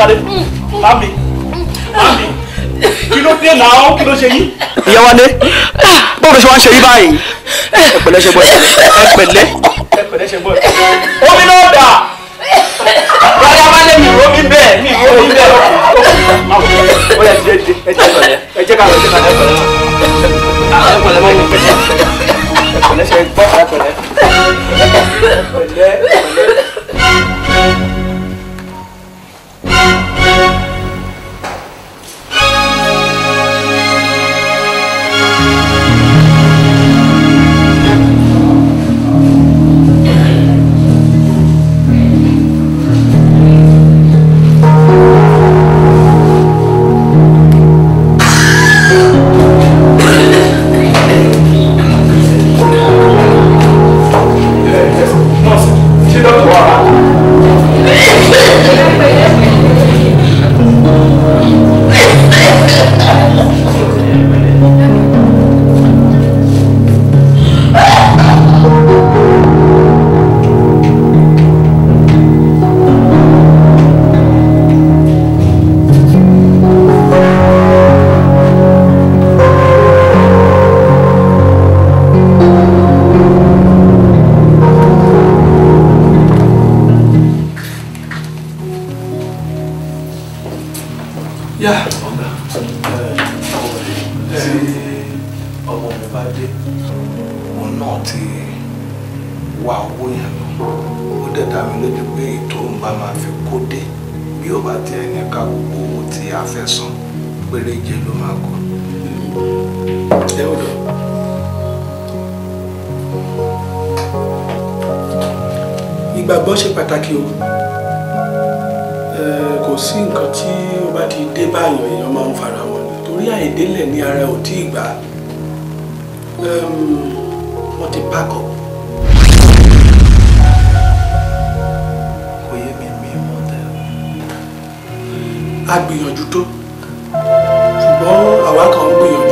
sáré mami mami kí ló dé náà kí ló ṣe yín. ìyá wa lé báwo ló ṣe wá ń ṣe yín báyìí ẹ pẹ̀lẹ́ ṣe bọ ẹ pẹ̀lẹ́ ẹ pẹ̀lẹ́ ṣe bọ omi náà dà rárá má lé mi ìró mi bẹ́ẹ̀ mi ìró mi bẹ́ẹ̀ ó yà jẹ ẹ jẹ pẹ̀lẹ́ ẹ jẹ ká lọ ẹ jẹ ká lọ ẹ ah, pẹ̀lẹ́ ẹ pẹ̀lẹ́ mọ mi pẹ̀lẹ́ ẹ pẹ̀lẹ́ ṣe gbọ́ ẹ pẹ̀lẹ́. bí ó bá tiẹ̀ ní ká gbogbo owó tí a fẹ́ san péréje ló máa kọ. ẹ ó lọ. ìgbàgbọ́ ṣe pàtàkì o kò sí nǹkan tí ó bá ti dé báyọ̀ èèyàn máa ń fara wọn torí àìdélẹ̀ ní ara ò tí ì gbà wọ́n ti pákọ̀ a gbìyànjú tó ṣùgbọ́n àwa kan ń gbìyànjú.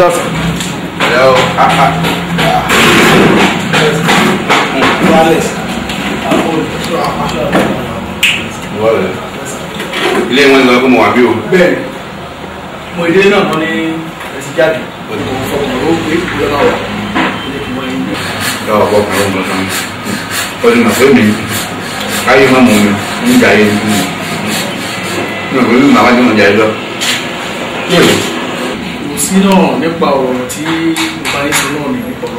lọ́sọ̀. ẹ o aha. ilé wọn ni wọn kó mọ wá bí o. bẹ́ẹ̀ni mo ìdílé náà wọn ní ẹsẹ jáde òun fọkàn ó gbé ìjọba wà ilé kí wọn yín. yàrá bọ kàn ló ń bọ sàn ó ní màfẹ́ mi káyé má mú mi ń jà yé mi ní ọ̀gbìn mi màmá jẹ́ mọ̀ jà yé lọ sí náà nípa ọ̀rọ̀ tí mo bá ń sọ náà ní nípa ọ̀rọ̀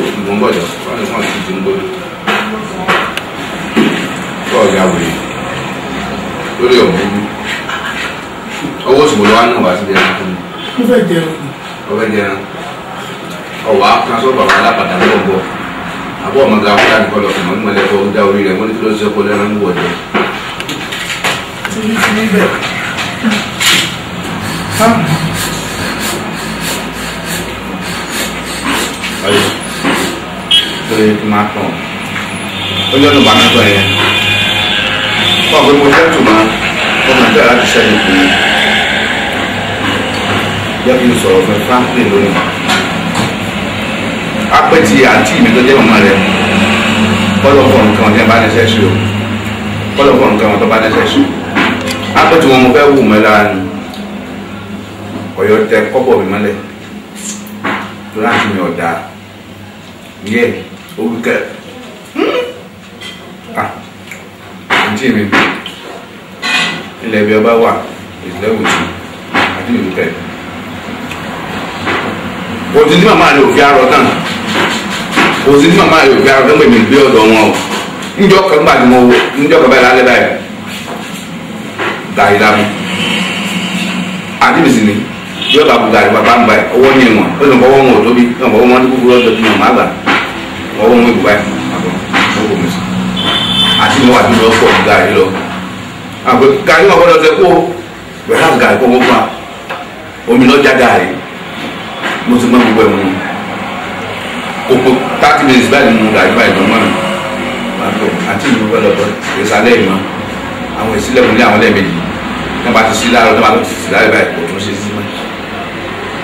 yìí. mo ń bọ̀jọ̀ wọ́n ní wọ́n ti di ń gbọ́dọ̀ kọ́ ọ̀gá wèrè lórí ọ̀gbọ́n owó ṣùgbọ́n lọ́wọ́ náà wá sí ẹran fún mi. mo fẹ́ jẹun. mo fẹ́ jẹun ọ̀wá kan sọ́dọ̀ àwọn alápàdà náà gbọ́ àbọ̀ ọmọ gàfúrà nìkan lọ́kùnrin mọ́lẹ́kọ̀ọ́ dá orí rẹ̀ wọ́n ní kí ló ń sẹ́kọ̀ọ́ lẹ́ran ń wọ̀ jẹ́ níbẹ̀ ọyọ lórí tomato ó lọ́nu tomato yẹn fún ọ̀gbẹ́ mo fẹ́ tòmá ọmọ ìjọba láti ṣẹ́yìn fún mi yẹ kí n sọ̀rọ̀ fún franklin lónìí apẹ̀tì àǹtí mi tó jẹ́ mọ̀mọ́ rẹ̀ kọ́lọ̀ fọ̀ nǹkan ọ̀dẹ́ bá dẹ́sẹ̀ sí ápò tí wọn mo fẹ́ wù mọ́ lára ni ọ̀yọ́ tẹ kọ́bọ̀ mi mọ́lẹ̀ tó láti mi ọ̀dà yẹ orúkẹ́ àǹtí mi ilẹ̀ ibi ọba wà ìdílé òtún àti ìlú tẹ̀. òtún tí màmá rẹ̀ ò fi arọ tán òtún tí màmá rẹ̀ ò fi arọ tán pèmí gbé ọ̀dọ̀ wọn o níjọ́ kan gbàdúmọ̀ níjọ́ kan báyìí lálẹ́ báyìí gàrí dànù ni yóò bá bu gàrí bàbá ń báyìí ọwọ́ ní ìwọ̀n wọn ò tóbi ó wọn dúkú lọ́dọ̀ tó yàn má gbà ọwọ́ wọn ìbùbá yìí àbọ̀ ó kò mẹ́sàn àti ìwọ̀n àti ìwọ̀n pọ̀ gàrí lọ àgbẹ̀ gàrí wọn kọ́dọ̀ kó wẹ̀rẹ́ àti gàrí kọ́ fún wa omi lọ́jà gàrí mo ti mọ gbogbo ẹ̀ mọ́ kókó thirty minutes báyìí nínú gàrí báyìí lọ́mọ́ mi àti ìlú fẹ́ lọ́dọ̀ ìsàlẹ̀ ìmọ̀ àwọn ìsílẹ̀kùnlé àwọn lẹ́ẹ̀mejì wọn bá ti sí láàrọ wọn bá ti sì láàrọ báyìí kò tún ṣe sí mọ́.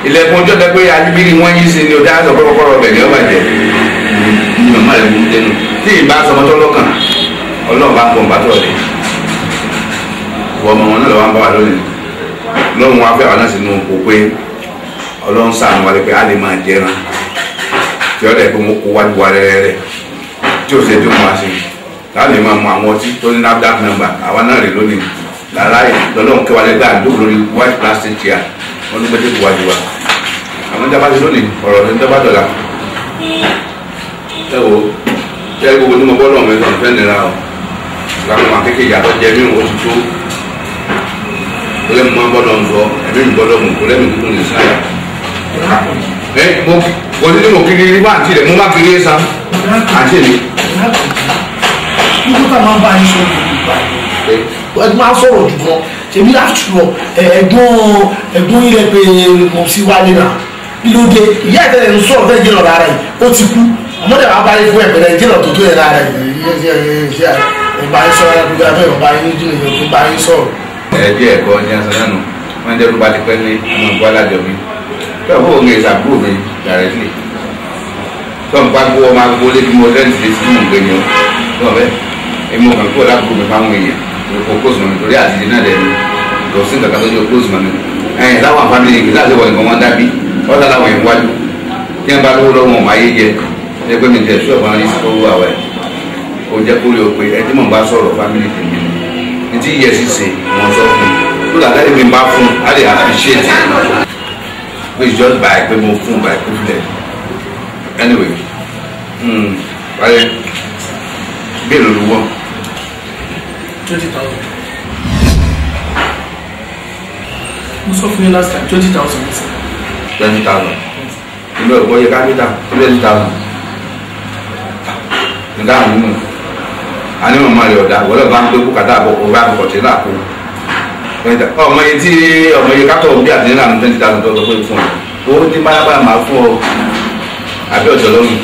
ilẹ̀kùn ọjọ́ tẹ pé alibiri wọ́n yí sí ni o dáhà sọ pé kọ́kọ́rọ́ ọbẹ̀ ni ọ bàjẹ́ ni màmá rẹ̀ mú dénú tí ì bá sọmọ tó lọ́kàn ọlọ́run bá ń pọ̀ bàtọ̀ rẹ̀ wọ́n mọ̀ wọn náà lọ́wọ́ ń bá wa lónìí lọ́run wá fẹ́ àwọn náà sínú oko pé ọlọ́run sàánú wa pé a lè máa jẹran tí ọ̀dà ìpè mú kó wájú wa rẹ́rẹ́rẹ́ tí ò ṣe tó mọ́ wa sí i láti máa mọ àwọn ọtí tó ní NAFDAC nọ́mbà àwa náà rè lónìí rárá lọ́lọ́run kẹwàá lẹ́gbẹ́ àdúgbò lórí white plastic chair wọ́n ló gbẹ́dẹ́ bu wájú wa àwọn ìjọba ti lónìí ọ̀rọ̀ ní ìjọba dọ̀la ẹ wo ẹ gbogbo ní mo bọ́ lọ́wọ́ mẹ́tọ́ fẹ́ nira o làwọn akékèké yàtọ̀ jẹ mí o ti tó lẹ́mu máa gbọ́dọ̀ ń sọ ẹ̀mí mi gbọ́dọ̀ mú kó lẹ́mu ní sáyà ẹ mo kò sí ní mo kiri rí bá àti rẹ̀ mo má kiri ẹ̀ sá àti èmi. kúkú tá a máa bá yín sọ wọ́n máa sọ̀rọ̀ jù kan ṣèbí àtúwọ̀ ẹ̀gbọ́n ẹ̀gbọ́n ilẹ̀ pé mo sì wá nínà ìlóde ìyá ìtẹ̀lẹ̀ ń sọ̀rọ̀ fẹ́ jìnnà rárá yìí ó ti kú ọmọdé wa bá yẹ fún ẹ̀bẹ̀rẹ̀ jìnnà tó tó yẹ rárá yìí ìgbà yín sọ̀rọ̀ ẹ̀kúgbà fẹ́ ìgbà yín jìnnà ìgbà yín sọ̀rọ̀. ẹ̀ẹ́dì ẹ̀kọ́ ní asọ́nà wọn jẹ́ rúpa ti pẹ́ ní ọmọ ìgbà alájọ mi tọ́wọ́ òun èsì àbúrò mi dàrẹ́tì tọ́wọ́n pa gbọ́ ọmọ agbó lé bí mo lẹ́ǹtì lé sí ìgbẹ́ni ọ̀ tọ́wọ́ bẹ́ẹ̀ èmi ò kúrò lábúrò mi fáwọn èèyàn o close mami torí àtijọ́ náà dẹ̀ lọ sí nǹkan kan tó yọ close mami ẹ̀yìn láwọn family kì í sáà ṣe wọ nǹkan wọn dábí ọ̀dà láwọn yẹn wájú kí wọ́n bá lówó lọ́wọ́ wọn ayé jẹ ẹ pé mi tẹ̀ sí ọ̀pọ̀ àwọn ìṣòro owó àwẹ̀ o jẹ́ kó lè o pé ẹ tí mò ń bá sọ̀rọ̀ family tèmi ní tí yẹ sí ṣe mọ̀ sọ fún un lóla láti mi bá fún un á lè appreciate pé just by pé mo fún by privilege anyway. Mm. Right bí èlò ló wọ twenty thousand mo sọ fún yín last time twenty thousand ní sẹ. twenty thousand ìlú ẹ̀kọ́ yẹ kápẹ́tà twenty thousand nígbà mímú àní màmá rẹ̀ ọ̀dà wọ́lọ́ bá ń gbé bùkátà àbọ̀kọ̀ bá àbọ̀kọ̀ tí náà kú ọmọ yẹn tí ọmọ yẹn kátó ọmọdé àti nílànà twenty thousand tó tọ́pẹ́ fún ọ ó ní báyàbáyà máa fún ọ àbí ọ̀jọ̀ lọ́rùn.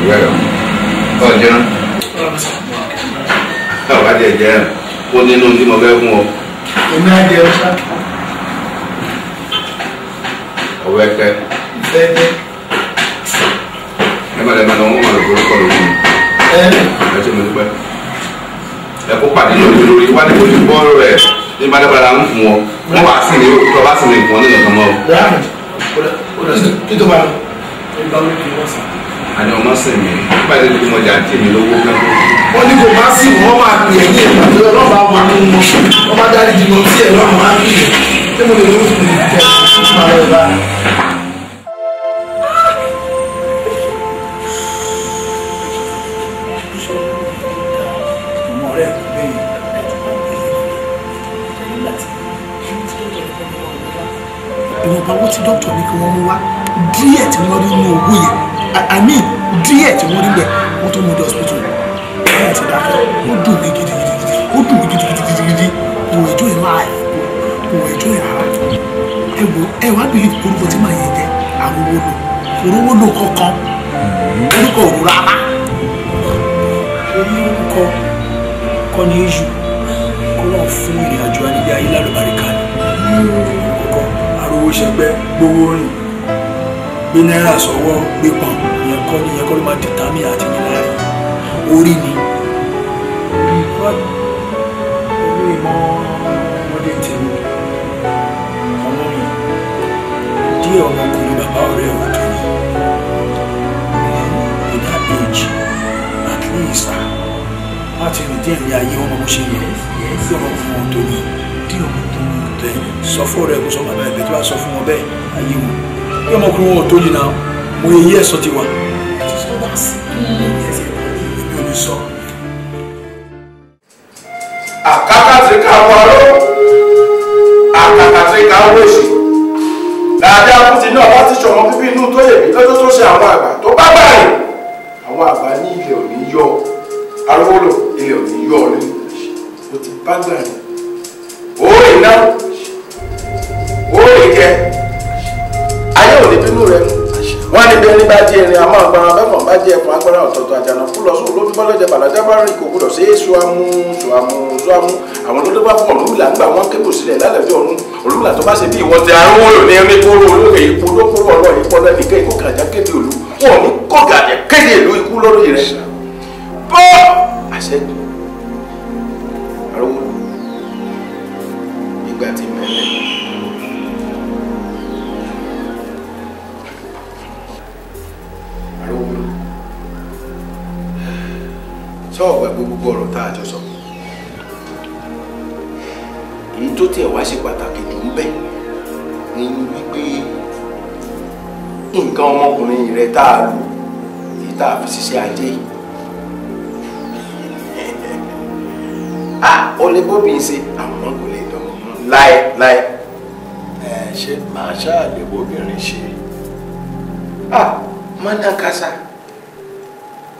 ọ̀jọ̀ lọ́rùn. ọ̀jọ̀ lọ́rùn náà wá jẹ jẹ ó nínú tí mo fẹ́ fún ọ. èmi á jẹ ọṣà. ọwọ́ ẹkẹ. ìfẹ́ jẹ. ẹ máa lẹ máa lọ wọn máa lọ orúkọ lọ fún mi. ẹ ẹ ṣe mo dúpẹ́. ẹ kó pàdé lórí lórí wá ní kó ti bọ́ rẹ̀ ní balabala ń fún ọ wọn wà sí ní òkú ọba sí ní ìfún ọ nínú kan mọ́ o. kí tó bá lọ. ẹ kì í wọ́n sàn àní ọmọ sìn mí nígbà tí mo jà tì mí lówó gan. wọ́n ní kò bá sí wọn máa pè é ní ìpàdé ọlọ́ba ọmọ tó ń mọ wọ́n bá dárí jìnnà sí ẹ̀ lọ́rùn á bí ṣé mo lè lóṣù mi kẹ́ ẹ̀ ẹ̀ bá. ìwọ̀nba owó tí dókítà ní kí wọ́n mú wá díẹ̀ tí wọ́n rí inú owó yẹn i mean díẹ̀ tí wọ́n rí bẹ̀ wọ́n tó mú dé hospital ẹ̀rọ ti dákẹ́ ó dùn mí gidigidi ó dùn mí gidigidigidi kò ẹjọ́ ẹ̀ máa kò ẹjọ́ ẹ̀ ara ẹ wo ẹ wá bìlí orúkọ tí màá yẹ jẹ àrùwò lò orówó lò kọ̀ọ̀kan mm-hmm. orúkọ òwúrọ̀ ara orúkọ kọ́ni iṣu kó lọ́ọ̀ fún ìrìn àjò àníbí ayé lálùbáríkà ní mm-hmm. orúkọ àròwò ṣẹgbẹ́ gbowó rìn gbé náírà sọ́wọ́ gbé pọ̀n ìyẹn kọ́ ni ìyẹn kọ́ ló máa dìtámì àti yìí láàrin orí ni. orí ìmọ̀ ọmọdé tèmi ọmọ mi díẹ̀ ọmọkùnrin bàbá ọ̀rẹ́ ọ̀rẹ́ tó ní in that age at least ah, láti rìn díẹ̀ ní ayé ọmọ bó ṣe yẹ bí ọmọ fún ọ tó ní díẹ̀ ọmọ tó ní sọ fún ọ̀rẹ́ kó sọ bàbá ẹ̀ bẹ́ẹ̀ tó bá sọ fún ọ bẹ́ẹ̀ ayé wọn yóò mọ kúrò wọn ò tó yìí náà mo yẹ yí ẹ̀sọ́ ti wà. èmi ò ní sọ. àkàkà ti ká wọlé àkàkà ti ká wọ́ọ̀ṣì dáadáa kú ti ní ọba ti sọmọ bíbí inú tó yẹ mí lọ́jọ́ tó ṣe àwọn àgbà tó bá báyìí àwọn àgbà ní ilẹ̀ òní yọ arúgbó ilẹ̀ òní yọ ọ lẹ́nu ó ti bá gbà yìí. ọ̀tọ̀ọ̀tọ̀ àjànàkú lọ sóò lójú lọ́jà bàlájà bá rìn kò gbọdọ̀ ṣeé so amú so amú so amú àwọn ló fún ọ̀lúùlà ńgbà wọn kébù sílẹ̀ lálẹ́jọ́ ọ̀run ọ̀lúùlà tó bá ṣe bí ìwọ́n ti arúgbó ní ẹni kóró olóògbé ikú tó kúrò ọ̀rọ̀ ìpọ́nlẹ̀ nìkan ikú kàjá kéde òlu wọn ò ní kọ́gàdẹ̀ kéde ìlú ikú lórí rẹ̀ bọ́ àṣẹ sọ ọ̀gbẹ́ gbogbo ọ̀rọ̀ tá a jọ sọ èyí tó tiẹ̀ wá ṣe pàtàkì jù ń bẹ̀ ni wípé nǹkan ọmọkùnrin rẹ tá a lò èyí tá a fi ṣiṣẹ́ ajé yìí ah, ó lè bóbi ń ṣe àwọn kò lè dán láé láé ṣe màá ṣáà lè bóbi rìn ṣe. ah mọ́nà kásá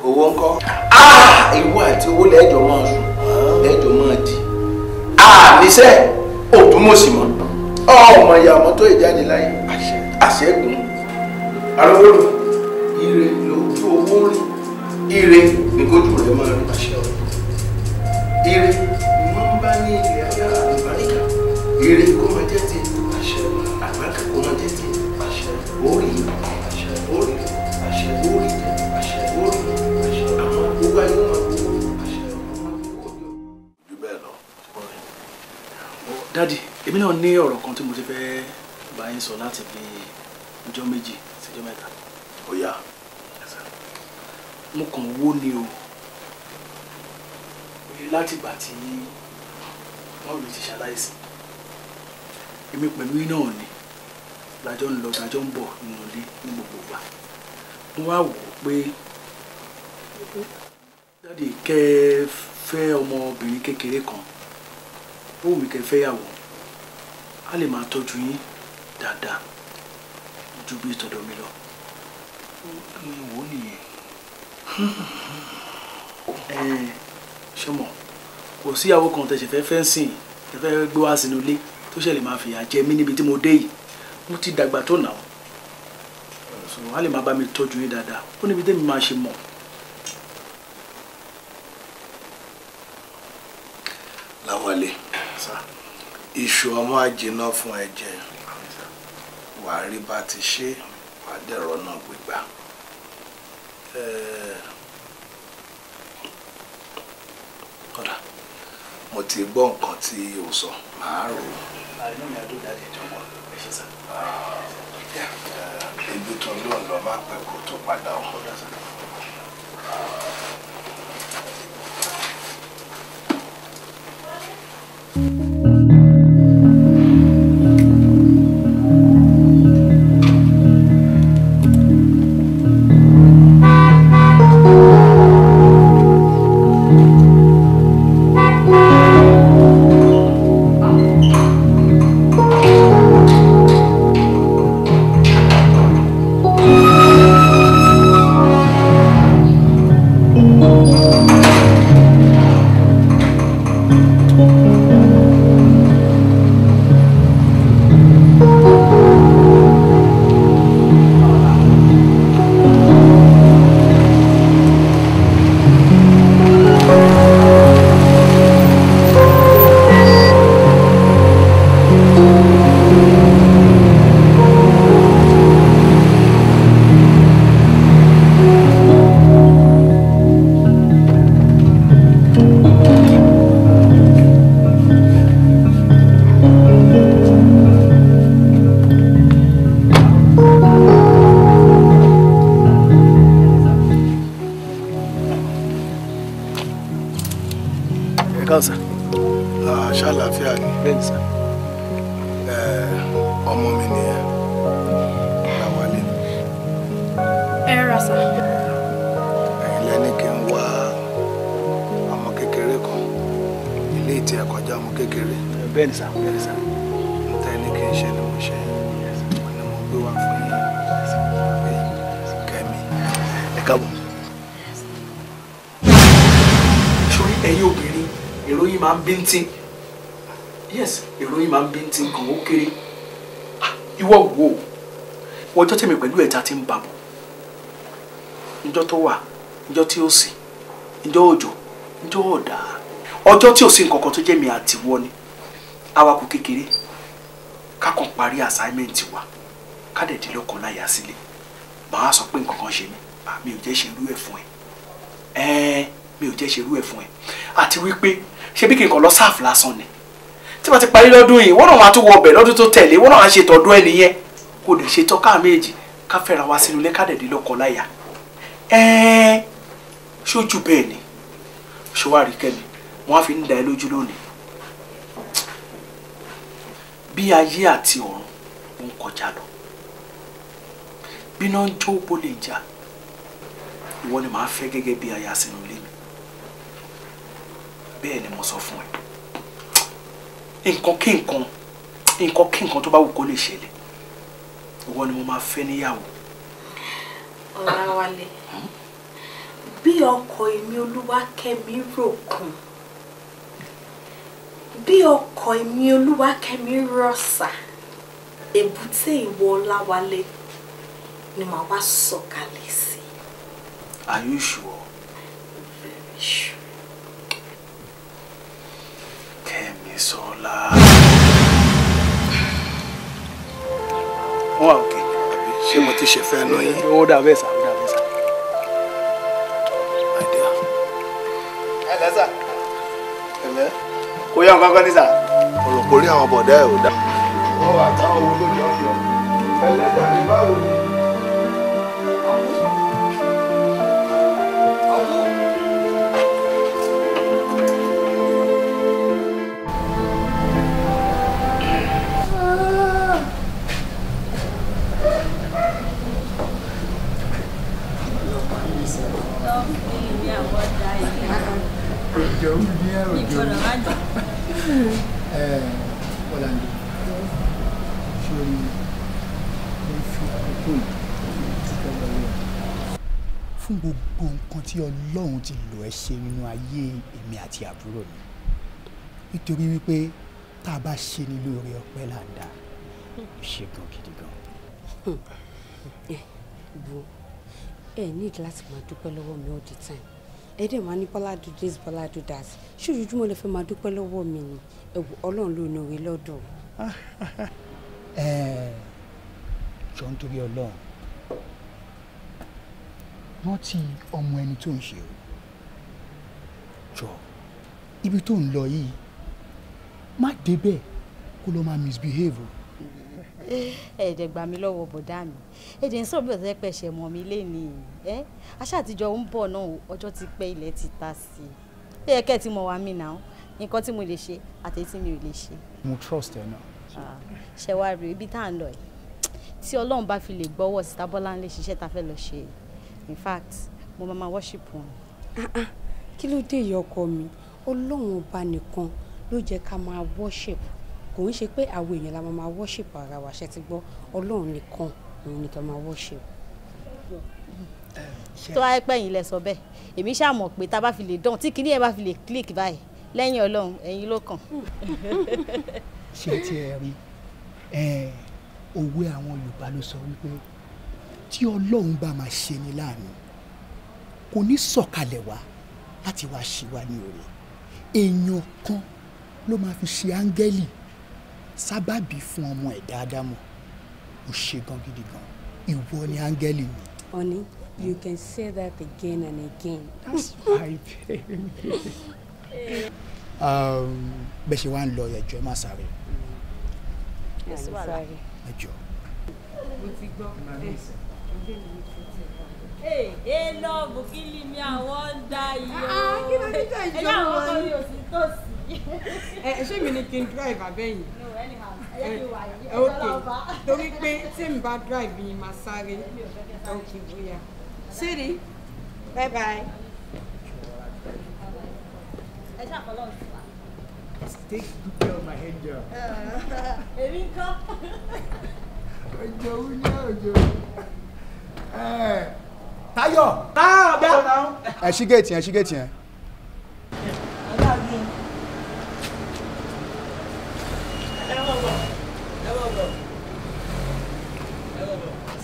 owó ńkọ́ ah, ìwọ àti owó lẹ́jọ́ máa sùn lẹ́jọ́ máa dì ah, níṣẹ́ òtúmọ̀sí mọ́ ọmọ ìyá ọmọ tó ìjáde láyé àṣẹ́gun arọ́wọ́rọ́ ire lójú owó rí ire ní kójú rẹ máa rí àṣẹ ire ni wọ́n bá ní ilẹ̀ ayára àlùbáríkà ire kó máa jẹ́ ti. dádì èmi náà ní ọ̀rọ̀ kan tí mo ti fẹ́ bá yín sọ láti fi ọjọ́ méjì síjọ́ mẹ́ta. ó mo kàn wó ni o látìgbà tí wọ́n lè ti ṣaláìsí èmi pẹ̀lú iná ni lájọ́ ń lọ lájọ́ ń bọ̀ nínú ilé ní gbogbo ìgbà mo wá wò ó pé dádì kẹ́ ẹ fẹ́ ọmọbìnrin kékeré kan ó wù mí kẹ́ fẹ́ yàwó a lè máa tọ́jú yín dáadáa ju bí tọ̀dọ̀ mi lọ. ìwọ nìyẹn. ẹ ṣé mọ̀ kò síyàwó kan tẹ̀sẹ̀ fẹ́ fẹ́ sìn ẹ fẹ́ gbé wá sínú ilé tó ṣẹlẹ̀ máa fìyà jẹ mí níbi tí mo dé yìí mo ti dàgbà tó nà ó wọ́n lè máa bá mi tọ́jú yín dáadáa ó níbi tẹ́mi máa ṣe mọ̀. làwọn àlè iṣu ọmọ àjìnà fún ẹ̀jẹ̀ wàá rí bá ti ṣe wàá dẹ̀rọ̀ náà gbígbà mo ti gbọ́ nǹkan tí o sọ màá rò ó. ibi tó lóun lọ má pẹ́ kó tó padà ọ̀hún. Thank you. tí ó sì ǹjọ́ òjò ǹjọ́ ọ̀dà ọjọ́ tí ò sí nǹkankan tó jẹ́ mi àtiwọ́ ni awakọ̀ kékeré ká parí assignment wa ká dẹ̀ dé lọ́kàn láyà sílẹ̀ màá sọ pé nǹkankan ṣe mí mi ò jẹ́ ṣe irú ẹ̀ fún ẹ ẹ̀ẹ́n mi ò jẹ́ ṣe irú ẹ̀ fún ẹ àti wípé ṣé bí kì í kàn lọ sáàfù lásán ni tí wọ́n ti parí lọ́dún yìí wọ́n náà máa tún wọ ọbẹ̀ lọ́dún tó tẹ̀lé wọ́n náà máa ṣe tọ́dún ẹ̀ nìyẹn kò dẹ̀ ṣe tọ́ka méjì ká wa sínú ilé ká láyà ẹ̀ẹ́n ṣojú bẹ́ẹ̀ ni ṣọwárí kẹ́mi wọ́n á fi ń da ẹ lójú lónìí bí ayé àti ọ̀run ń kọjá lọ bíná ń jó bó lè jà ìwọ ni màá fẹ́ gẹ́gẹ́ bí aya sínú ilé mi bẹ́ẹ̀ ni mo sọ fún ẹ nǹkan kí nǹkan nǹkan kí nǹkan tó bá wù kó lè ṣẹlẹ̀ ìwọ ni mo máa fẹ́ níyàwó. ọ̀la wálé. Hmm? bí ọkọ èmi olúwakẹ́mi ròkun bí ọkọ èmi olúwakẹ́mi rọ̀ṣà èbúté ìwọ ọláwálé ni màá wá sọ̀kalẹ̀ sí. Are you sure? Very sure. Kẹ́misọ́lá. wọ́n wà òkè ṣé mo ti ṣe fẹ́ náà yín. ó dà bẹ́ẹ̀ sáà. ẹ̀lẹ́ sà ẹ̀lẹ́ kò yá nǹkan kan ní sà. òròkórí àwọn bọ̀dá ẹ̀ ò dá. wọ́n wà táwọn owó lórí ọ̀yọ́ ẹlẹ́dàá ní báwo ni. ti lò ẹ́ ṣe nínú ayé èmi àti àbúrò mi nítorí wípé tá a bá ṣe ní lóore ọpẹ́ là ń dá ṣe gan gidi gan. Hmm. Eh, bro ẹ need láti máa dúpẹ́ lọ́wọ́ mi all the time ẹ dẹ̀ máa ní bọ́lá do this bọ́lá do that ṣé ojoojúmọ́ lè fẹ́ máa dúpẹ́ lọ́wọ́ mi ni ẹ̀wù ọlọ́run ló ní orí lọ́dọ̀. ẹ jọ nítorí ọlọ́run rántí ọmọ ẹni tó ń ṣe o jọ ibi tó ń lọ yìí má débẹ̀ kó lọ máa misbehave o. ẹ̀ẹ́dẹ̀ gbà mí lọ́wọ́ bọ̀dá mi ẹ̀ẹ́dẹ̀ ń sọ̀rọ̀ bí ọ̀sẹ̀ pẹ̀sẹ̀ mọ́ mi lénìí ẹ́ aṣáà àtijọ́ ń bọ̀ náà ọjọ́ ti pẹ́ ilẹ̀ ti ta sí i ẹ kẹ́ ẹ ti mọ̀ wá mí náà nǹkan tí mo lè ṣe àti mi ò lè ṣe. mo trust ẹ náà. ṣe wá rí ibi tá à ń lọ yìí tí ọlọ́run bá fi lè gbọ́wọ́ sí tábọ́lá ń lè ṣiṣẹ́ tá fẹ́ lọ ṣe in fact mo máa ma worship wọn. Ah, ah kí ló dé ìyá ọkọ mi ọlọ́run ọba nìkan ló jẹ́ ká máa worship kò ń ṣe pé àwọn èèyàn la máa máa worship ara wa ṣe ti gbọ́ ọlọ́run nìkan òun nìkan máa worship. tó wáyé pẹ́yìn lẹ sọ bẹ́ẹ̀ èmi ṣàmọ̀ pé tá a bá fi lè dán tí kinní ẹ bá fi lè click báyìí lẹ́yìn ọlọ́run ẹ̀yin ló kàn. ṣé ti um, ẹ rí òwe àwọn Yorùbá ló sọ wípé tí ọlọ́run bá máa ṣe ni láàánú kò ní sọ̀kalẹ̀ wá. So láti wá ṣe wá ní oore èèyàn kan ló máa fi ṣe áńgẹ́lì sábàbí fún ọmọ ẹ̀dá ádámù ó ṣe gan gidi gan ìwọ ni áńgẹ́lì mi. honey you can say that again and again. that's my baby. Um, bẹ́ẹ̀ ṣe wá ń lọ ẹ̀jọ̀ ẹ má sáré. ẹ jọ. mo ti gbọ́ bẹ́ẹ̀ ọ̀gbẹ́ni mi ee lọ́ọ̀bù kí lì mí àwọn ń da ah, iyọ̀ ah, kí ló dé tẹ̀ ìjọba wọn ẹ̀yà àwọn ọkọ mi ò sí ẹ ṣé mi ni kí n drive abẹ́yìn. no anyhow ẹ jẹ́ kí wà yìí ẹ tọ́lá torí pé tí n bá drive yìí máa sáré ok bóyá. siri bye bye. ẹ ṣàkọlọ́ ọ̀sùn wa. take good care of my head girl. èmi ń kọ́. ọjọ́ wúni ọjọ́. Eh, Táyọ̀. Táyọ̀. Ẹ ṣí géètì yẹn, ẹ ṣí géètì yẹn.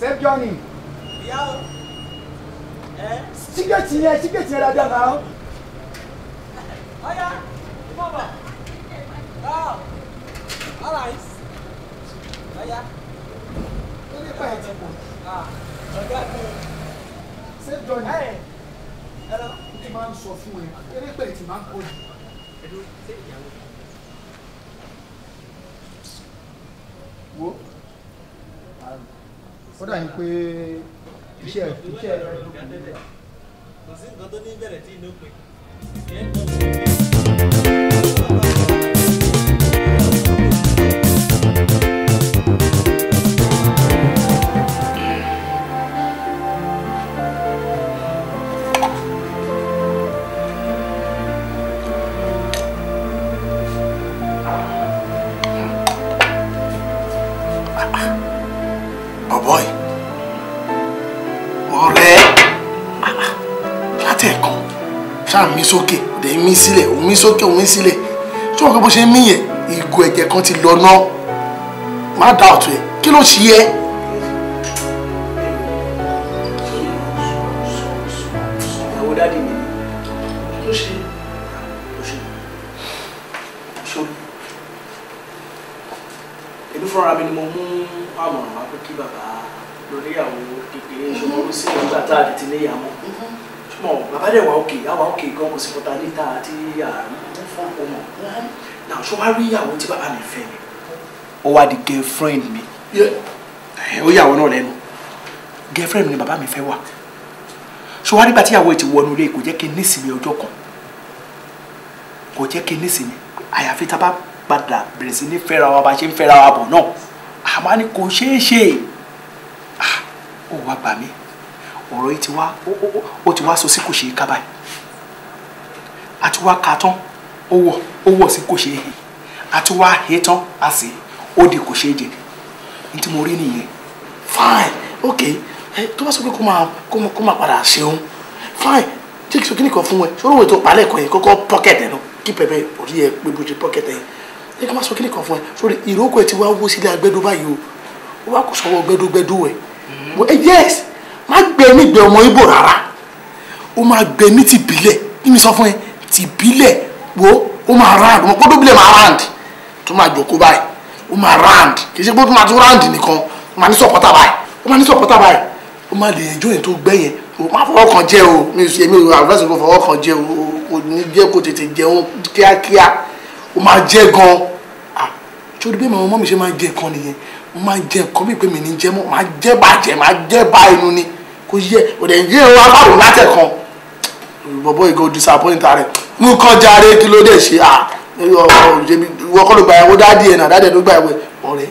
Save Johnny. Ìyáwó. é géètì yẹn, é géètì yẹn Olha. náà. Ọ̀ya, ìbọ̀bọ̀. Olha all right. Olha. Ó ní pàyẹ̀ tí kò. Ọ̀gá mi. ṣé jọ̀ọ́ ni ẹ̀rọ ti máa ń sọ fún ẹ erépè ti máa ń kọ́ ni. wo ó dà yín pé iṣẹ́ iṣẹ́ rẹ̀ ló kù. kò sí nǹkan tó ní bẹ̀rẹ̀ tí inú pè mí sókè dẹ̀ mí sílẹ̀ òun mí sókè òun mí sílẹ̀ tí wọ́n kọ́ bó ṣe mí yẹn ìgò ẹ̀jẹ̀ kan ti lọ ná má dá ọ̀tún ẹ̀ kí ló ṣe yẹ. ó wá di girlfriend mi ó yàwó náà lẹ́nu girlfriend mi ni bàbá mi fẹ́ wà ṣé wàá nígbà tíyàwó ẹ̀ ti wọnú ilé kò jẹ́ kí n nísìnyí ọjọ́ kan kò jẹ́ kí n nísìnyí àyàfi tá a bá padà bẹ̀rẹ̀ sí ní fẹ́ra wa bá ṣe ń fẹ́ra wa bọ̀ náà àmọ́ ni kò ṣeé ṣe ah, ó wá gbà mí ọ̀rọ̀ yìí ti wá ó ti wá so sí kò ṣeé ká báyìí àti wá ka tán ó wọ̀ ó wọ̀ sí kò ṣeé he àti wá he tán á sì í ó di kò ṣeé jẹ ní tí mo rí nìyẹn fine ok ẹ tó bá sọ pé kó máa kó máa padà ṣeun fine tí kìí sọ kí nìkan fún ẹ sọ lóun ètò ìpàlẹ̀ ẹ̀kọ́ yẹn kọ́kọ́ pọ́kẹ̀tì ẹ̀ nù kí pẹ̀pẹ́ orí ẹ pé bó ṣe pọ́kẹ̀tì ẹ̀ ẹ kí n má sọ kí nìkan fún ẹ sórí ìrókò ẹ ti wá wó sílé agbẹ́dó báyìí o ó wá kó sọ́wọ́ gbẹ́dógbẹ́dó ẹ̀ ẹ yẹ́s má gbẹ nígbẹ ọmọ ibo rárá ó máa gbẹ ní tìbílẹ̀ ní mi sọ fún ẹ tìbílẹ̀ wo ó máa ráàdì ọmọ kódóbílẹ̀ máa ráàdì tó máa jòkó báyìí ó máa round kì í ṣe pé ó máa tún round nìkan ó máa ní sọ̀pọ̀tà báyìí ó máa ní sọ̀pọ̀tà báyìí ó máa lè enjoy tó gbẹ́ yẹn o máa fọwọ́ kan jẹ́ o mi ò sì èmi ò àdúrà sí kò fọwọ́ kan jẹ́ o kò ní jẹ́ kó tètè jẹun kíákíá o máa jẹ́ gan ah torí bí màmá mi ṣe máa jẹ kan nìyẹn máa jẹ nǹkan bíi pé mi ní jẹ mọ́ máa jẹ bàjẹ́ máa jẹ bá inú ni kò yẹ òdẹ yé wa báwo látẹ̀kan bọ̀bọ̀ ìgò disappoint rẹ̀ mú kàn jàre kí ló dé ṣe à ọ̀rọ̀ òjèbí ìwọ kọ́ ló gba ìyàwó dáàdì ẹ̀ náà dáàdì ẹ̀ ló gba ìwé ọ̀rẹ́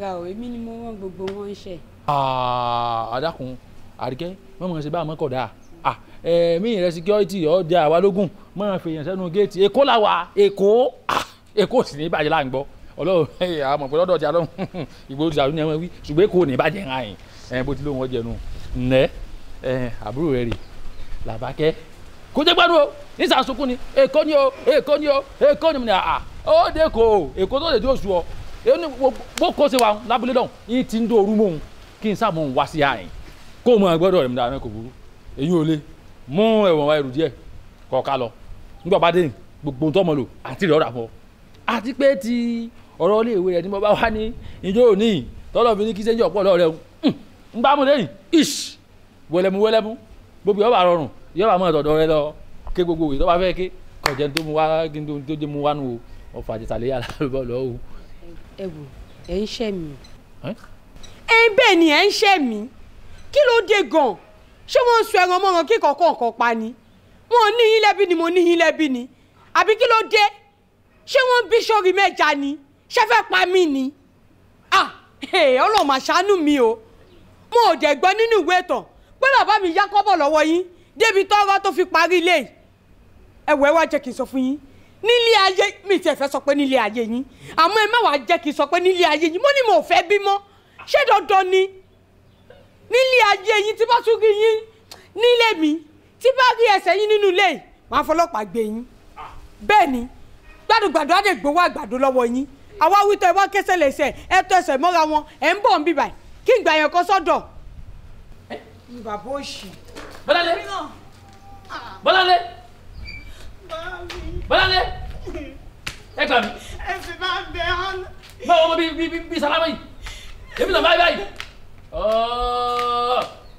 rárá o èmi ni mo rán gbogbo wọn ń ṣe. àdàkùn àríkẹ́ wọ́n mọ̀ ṣe bá àmọ́ kọ̀dà ah, ẹ̀mí rẹ̀ security ọ̀dẹ àwálógún máa fèèyàn sẹ́nu géètì èkó làwà èkó ah, èkó sì ní ìbàjẹ́ là ń gbọ́ ọlọ́run àmọ̀ pé lọ́dọ̀ ti alọ́run ìgbòho ti sàrú ni ẹ̀wọ̀n wí ṣùgbọ́n èkó ní ìbàjẹ́ ń rìn ẹ̀ bó ti lóun ọjẹ́ nu ǹnẹ́ àbúrò rẹ̀ rè làbákẹ́ kò jẹ́ gbádùn o ní sàṣukú ni èkó ni o èkó ni o èkó ni mo ní à ah, ó dé kò èkó tó lè dé oṣù ọ ó ní bó kó ṣe wa lábúlé dọ̀hún yìí ti ń dó orú kí n sáà wá sí àyìn kó mọ ẹgbẹ́dọ̀ rẹ̀ mi dára burú èyí ò lé mú ẹ̀wọ̀n wa ẹrù díẹ̀ kọ́ ká lọ nígbà bá dé gbogbo tó mọ̀ lò àti rẹ̀ ọ̀rà fọ́ àti pé ti ọ̀rọ̀ ilé ìwé rẹ̀ ni mo bá wá ní ìjọ òní tọ́lọ̀ fi ní kí sẹ́yìn ọ̀pọ̀ lọ́rẹ̀ hmm, ń bá mu lẹ́yìn ish wẹlẹmu wẹlẹmu gbogbo yọba rọrùn yọba mọ ọ̀dọ̀dọ̀ rẹ lọ ké gbogbo òwe tọ́ba fẹ́ ké kọ̀jẹ́ tó mu wá tó jẹ́ mu wá nù o ọ̀fọ̀ àjẹsàlẹ̀ lọ́wọ́ ẹ wò ẹ ń ṣẹ́ mi. ẹ ń bẹ́ẹ̀ ni ẹ ń ṣẹ́ mi kí ló dé gan-an ṣé wọ́n ń sọ ẹran mọ́ran kí kọ̀ọ̀kan kan pa ni wọ́n ní yín lẹ́bi ni mo ní yín lẹ́bi ni àbí kí ló dé ṣé wọ́n ń bí sórí mẹ́ja ni ṣé fẹ́ pa mí ni ah ọlọ́run mà ṣàánú mi o mo ò dẹ̀ gbọ́ nínú ìwé ìtàn pé bàbá mi yá kọ́bọ̀ lọ́wọ́ yín débi tọ́rọ́ tó fi parí ilé ẹ̀ wẹ́wà jẹ́ kí n sọ fún yín nílé ayé mi tiẹ̀ fẹ́ sọ pé nílé ayé yín àmọ́ ẹ má wàá jẹ́ kí n sọ pé nílé ayé yín mo ní mo fẹ́ bímọ ṣé dandan ni nílé ayé yín tí bá tún rí yín nílé mi tí bá rí ẹsẹ̀ yín nínú ilé yìí màá fọlọ́pàá gbé yín bẹ́ẹ̀ ni gbàdúgbàdú á lè gbowó àgbàdo lọ́wọ́ yín àwa wíta ẹ wá kẹsẹ̀ lẹ́sẹ̀ ẹ tọ́ ẹsẹ̀ mọ́ra wọn ẹ ń bọ̀ ń bíbà kí n gbà yẹn kọ́ sọ́dọ̀. bàbá òṣì. bọ́lá lé bọ́lá lé. Bọ́láńlé ẹ gbà mí. ẹ fi on. bẹ ọ́nà. bi bi bi bíi bíi salama yìí èmi bye. báyìí báyìí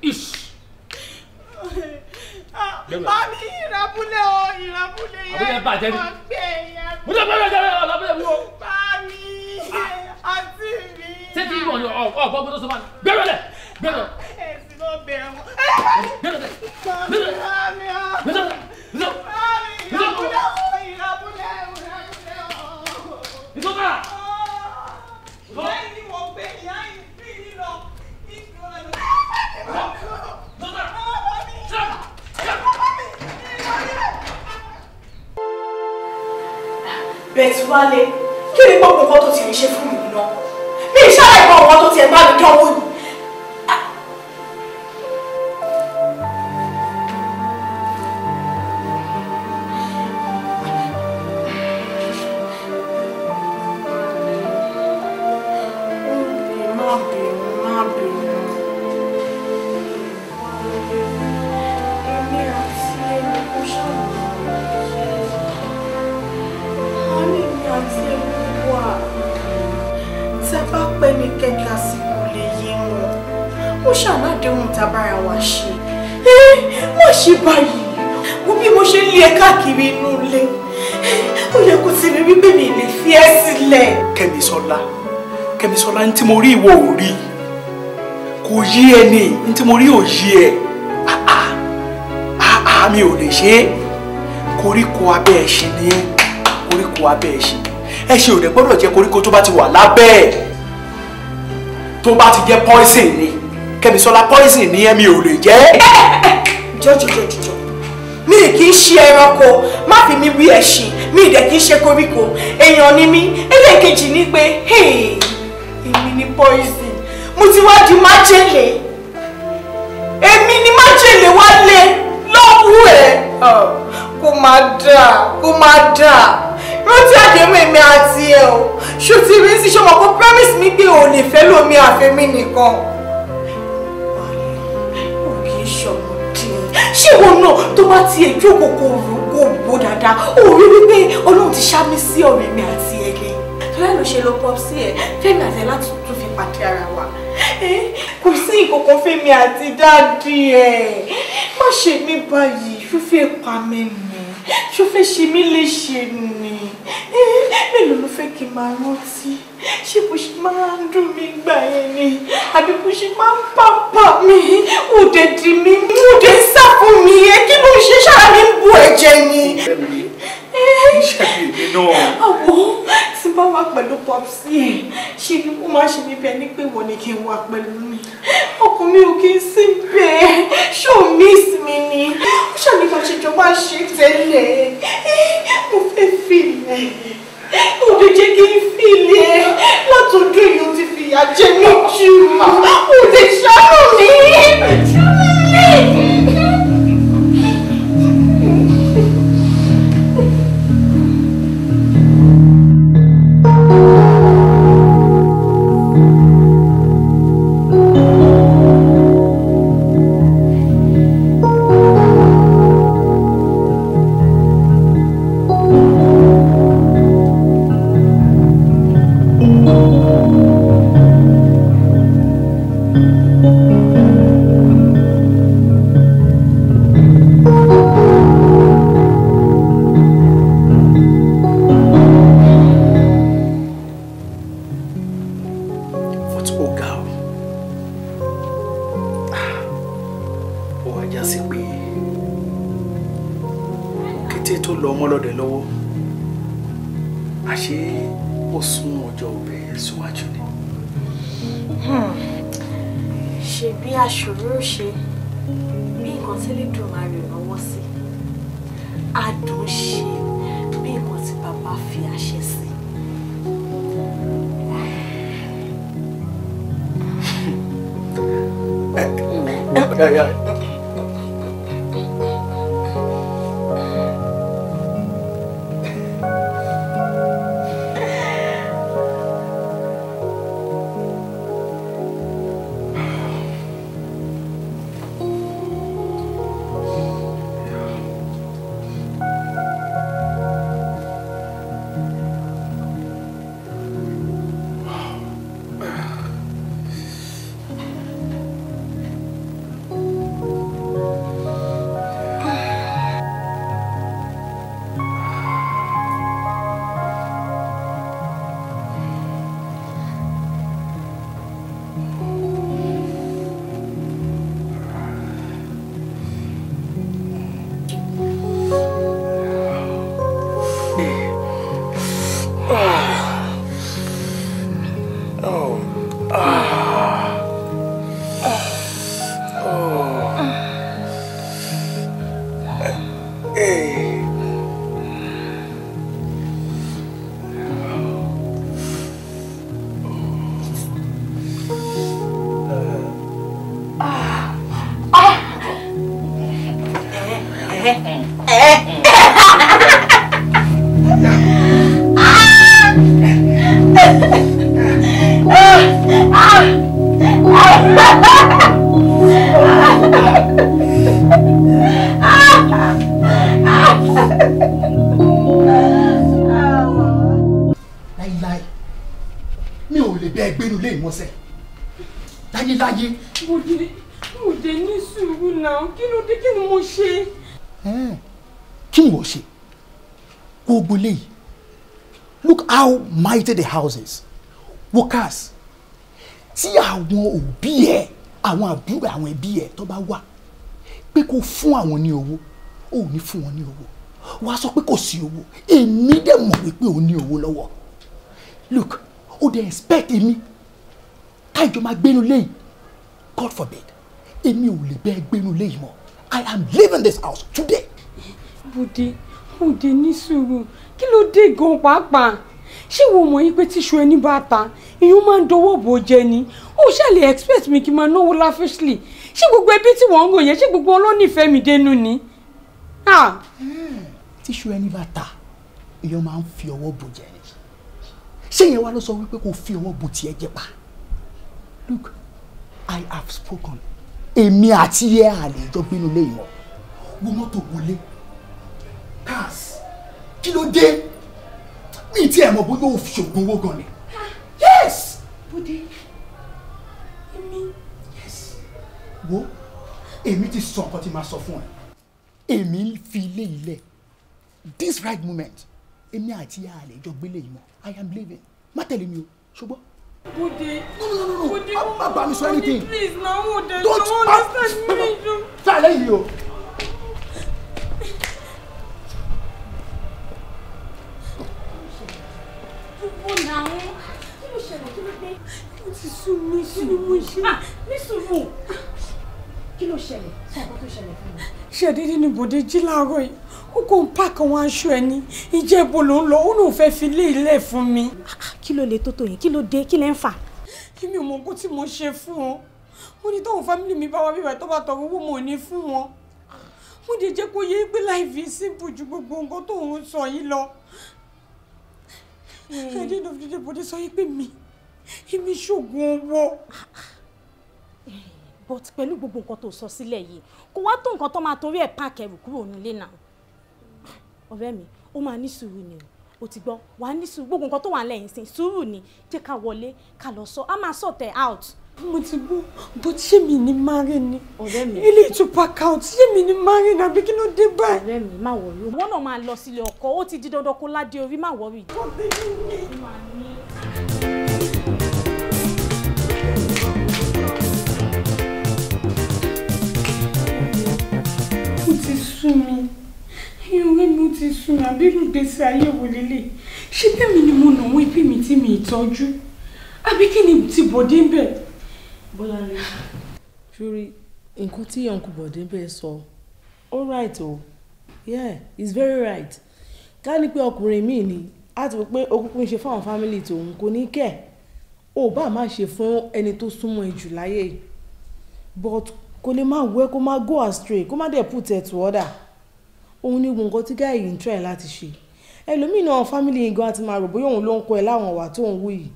ish. Mami ìràbúlẹ̀ o ìràbúlẹ̀ yẹn. Àbúlẹ̀ bàjẹ́ ni. Mo tẹ́ bẹ́ẹ̀ jẹ́rẹ́ ọ̀làbúlẹ̀ mú o. Mami àti mi. Ṣé kí n bọ̀ ọ̀gbọ́n gbọ́dọ̀ sọ fún mi? Gbẹ́rẹ́ lẹ̀. Bello! Eh, si dobbiamo! Bello! Bello! Bello! Bello! Bẹ̀tùwálé, kí ni gbogbo nǹkan tó ti lè ṣe fún mi náà? Mi ìṣàlàyé gbogbo nǹkan tó ti ẹ̀ bá mi dánwò ni. n tí mo rí ìwọ ò rí kò yí ẹ ní n tí mo rí ò yí ẹ àà ah, ah, ah, mi ò lè ṣe é koríko abẹ́ ẹṣin ni ẹ koríko abẹ́ ẹṣin ẹṣin ò dẹ̀ gbọ́dọ̀ jẹ́ koríko tó bá ti wà lábẹ́ ẹ̀ tó bá ti jẹ́ poison ni kẹ́misọ́lá poison ni ẹ mi ò lè jẹ́. jọjọjọjọjọ mi kì í ṣe ẹranko má fi mi wí ẹṣin mi ì dẹ̀ kì í ṣe koríko èèyàn ni mí ẹlẹ́ẹ̀kejì ni pé hey poison mo ti wá di májèlé èmi ni májèlé wá lé lọ́wọ́ ẹ̀ ah, kó máa dà kó máa dà rántí àdéhùn èmi àti ẹ o ṣó ti rí sí ṣọmọ kó promise mi pé òun lè fẹ́ lómi àfẹ́mí nìkan kò kì í ṣọmọdé ṣé ìwọ náà tó bá tiẹ̀ jókòó kò rò kò wò dáadáa ó rí wípé Ọlọ́run ti ṣá mi sí ọ̀rẹ́ mi àti ẹ̀gẹ́ tó yẹ ṣe lo pop sí ẹ fẹ́mi àtẹ láti pàdé ara wa kò sí ìkòkò fẹ́mi àti dáàdì ẹ̀ má ṣe mí báyìí fífẹ́ pa mí ni ṣó ṣe mí léṣe ni mélòó ló fẹ́ kí n máa rántí ṣé bó ṣe máa ń dùn mí gbà yẹn ni àbí bó ṣe máa ń pàpà mi òde dì mí òde sá fún mi ẹ kí ló ṣe ṣáà mi ń bu ẹ̀jẹ̀ ni ṣẹ̀bi mi náà. àwọ̀ tí bá wà pẹ̀lú ni ó máa ni kí n wà pẹ̀lú mi ọkàn mi ò kí n sí bẹ́ẹ̀ ṣó miss mi ni ó ṣàlùyẹ bá ṣe jọba ṣe tẹ́lẹ̀ mo fẹ́ fi ilẹ̀ ó lè jẹ́ kí n fi ilẹ̀ látọ̀dún yìí ó láyé. Bòdé, bòdé ní sùúrù náà, kí ló dé kí ni mo ṣe? kí ni wọ́n ṣe gbogbo léyìí look how mighty the house is workers tí àwọn òbí ẹ àwọn àbúrò àwọn ẹbí ẹ tó bá wà pé kó fún àwọn ní owó ò ní fún wọn ní owó wàá sọ pé kò sí owó èmi dẹ̀ mọ̀ wípé ò ní owó lọ́wọ́ look ó dẹ̀ expect èmi káìjọ máa gbénu léyìí God forbid èmi ò lè bẹ́ẹ̀ gbénu léyìí mọ́ I am leaving this house today bòde bòde ní sùúrù kí ló dé gan pàápàá ṣé wo mọ̀ yín pé tíṣu ẹni bá ta ìyún máa ń dọwọ́ bò jẹ ni ó ṣàlẹ̀ expect mi kí n máa náwó láfẹ́ṣìlì ṣé gbogbo ẹbí tí wọ́n ń gòyẹn ṣé gbogbo ọlọ́nìfẹ́ mi dénú ni. tíṣu ẹni bá ta ìyún máa ń fi ọwọ́ bò jẹ ni ṣé yẹn wá ló sọ wípé kò fi ọwọ́ bò tiẹ̀ jẹ pa look i have spoken èmi àti ẹ àlè jọ gbínú lé ìmọ̀ wo mọ́tò wọlé Cass kí ló dé mi tí ẹ mọ̀ bó yóò fi oògùn owó gan ni. Ah, yes. bóde èmi. yes wo èmi ti sọ nǹkan tí màá sọ fún ẹ èmi fi ilé ilẹ̀ this right moment èmi àti àlè jọ gbélé yìí mọ i am leaving má tẹ̀lé mi o ṣùgbọ́n. Bode, no, no, no, no. Bode, I'm not going to say anything. Please, now, Bode, don't, don't understand me. Don't. Try, let you. lọ́wọ́ náà kí ló ṣẹlẹ̀ kí ló dé mo ti sùn mí kí ni mo ṣe ah, ní sùúrù kí ló ṣẹlẹ̀ sọ́kọ́ tó ṣẹlẹ̀ fún mi. ṣèdídì ni bòde jí láàárọ̀ yìí ó kò ń pààkì àwọn aṣọ ẹ ní ìjẹ́bù ló ń lọ ó lóun fẹ́ fi lé ilẹ̀ fún mi. Ah, ah, kí ló lè tó tó yẹn kí ló dé kí lẹ́ ń fà. kí mi ò mọ ohun tí mo ṣe fún wọn mo ní tóun fámìlì mi bá wá bíbá tó bá tọrọ owó mo ní fún wọn mo dé jẹ́ kó yé pé láì fi síbù ju gbogbo nǹkan tóun sọ yìí lọ. Hmm. at the end of the day bọ́dé sọ pé mi èmi ṣoògùn owó. but pẹ̀lú gbogbo nǹkan tó sọ sílẹ̀ yìí kò wá tó nǹkan tó máa torí ẹ̀ páàkì ẹrù kúrò nílé náà ọ̀rẹ́ mi ó máa ní sùúrù ni o ti gbọ́ wàá ní sùúrù gbogbo nǹkan tó wà lẹ́yìn sìn sùúrù ni jẹ́ ká wọlé ká lọ sọ á máa sort it out mo ti gbọ́ but ṣé mi ní mari ni ilé ìtúpa count ṣé mi ní mari ni àbí kí ló dé báyìí. ọ̀rẹ́ mi má wọrí wọn náà máa lọ sílé ọkọ ó ti di dandan kó ládé orí má wọrí. ó ti sú mi irun mi ti sú mi àbí ìrùgbèsè ayé wò lélẹ̀ ṣé bẹ́ẹ̀ mi ni mo nà wọ́n ibi mi tí mi ìtọ́jú àbí kí ni ti bòde ń bẹ̀. Bọ́láńlé. Ṣúrí, nǹkan tí Uncle Bọ̀dé bẹ́ẹ̀ sọ, all right o, yeah, it's very right. Ká ní pé ọkùnrin míì ni, á ti wọ pé okùnkùn ń ṣe fáwọn fámìlì tòun kò ní kẹ̀. Ò bá má ṣe fún ẹni tó súnmọ́ ẹ láyé But kò lè máa wẹ́ kó má go astray kó má dẹ̀ put ẹ̀ to order. Òun ni gbogbo nǹkan tí gáà yìí ń try láti ṣe. Ẹlòmíì fámìlì yìí gan-an ti máa rò bóyá òun ló ń kọ ẹ láwọn ọ̀wà tó ń wú yìí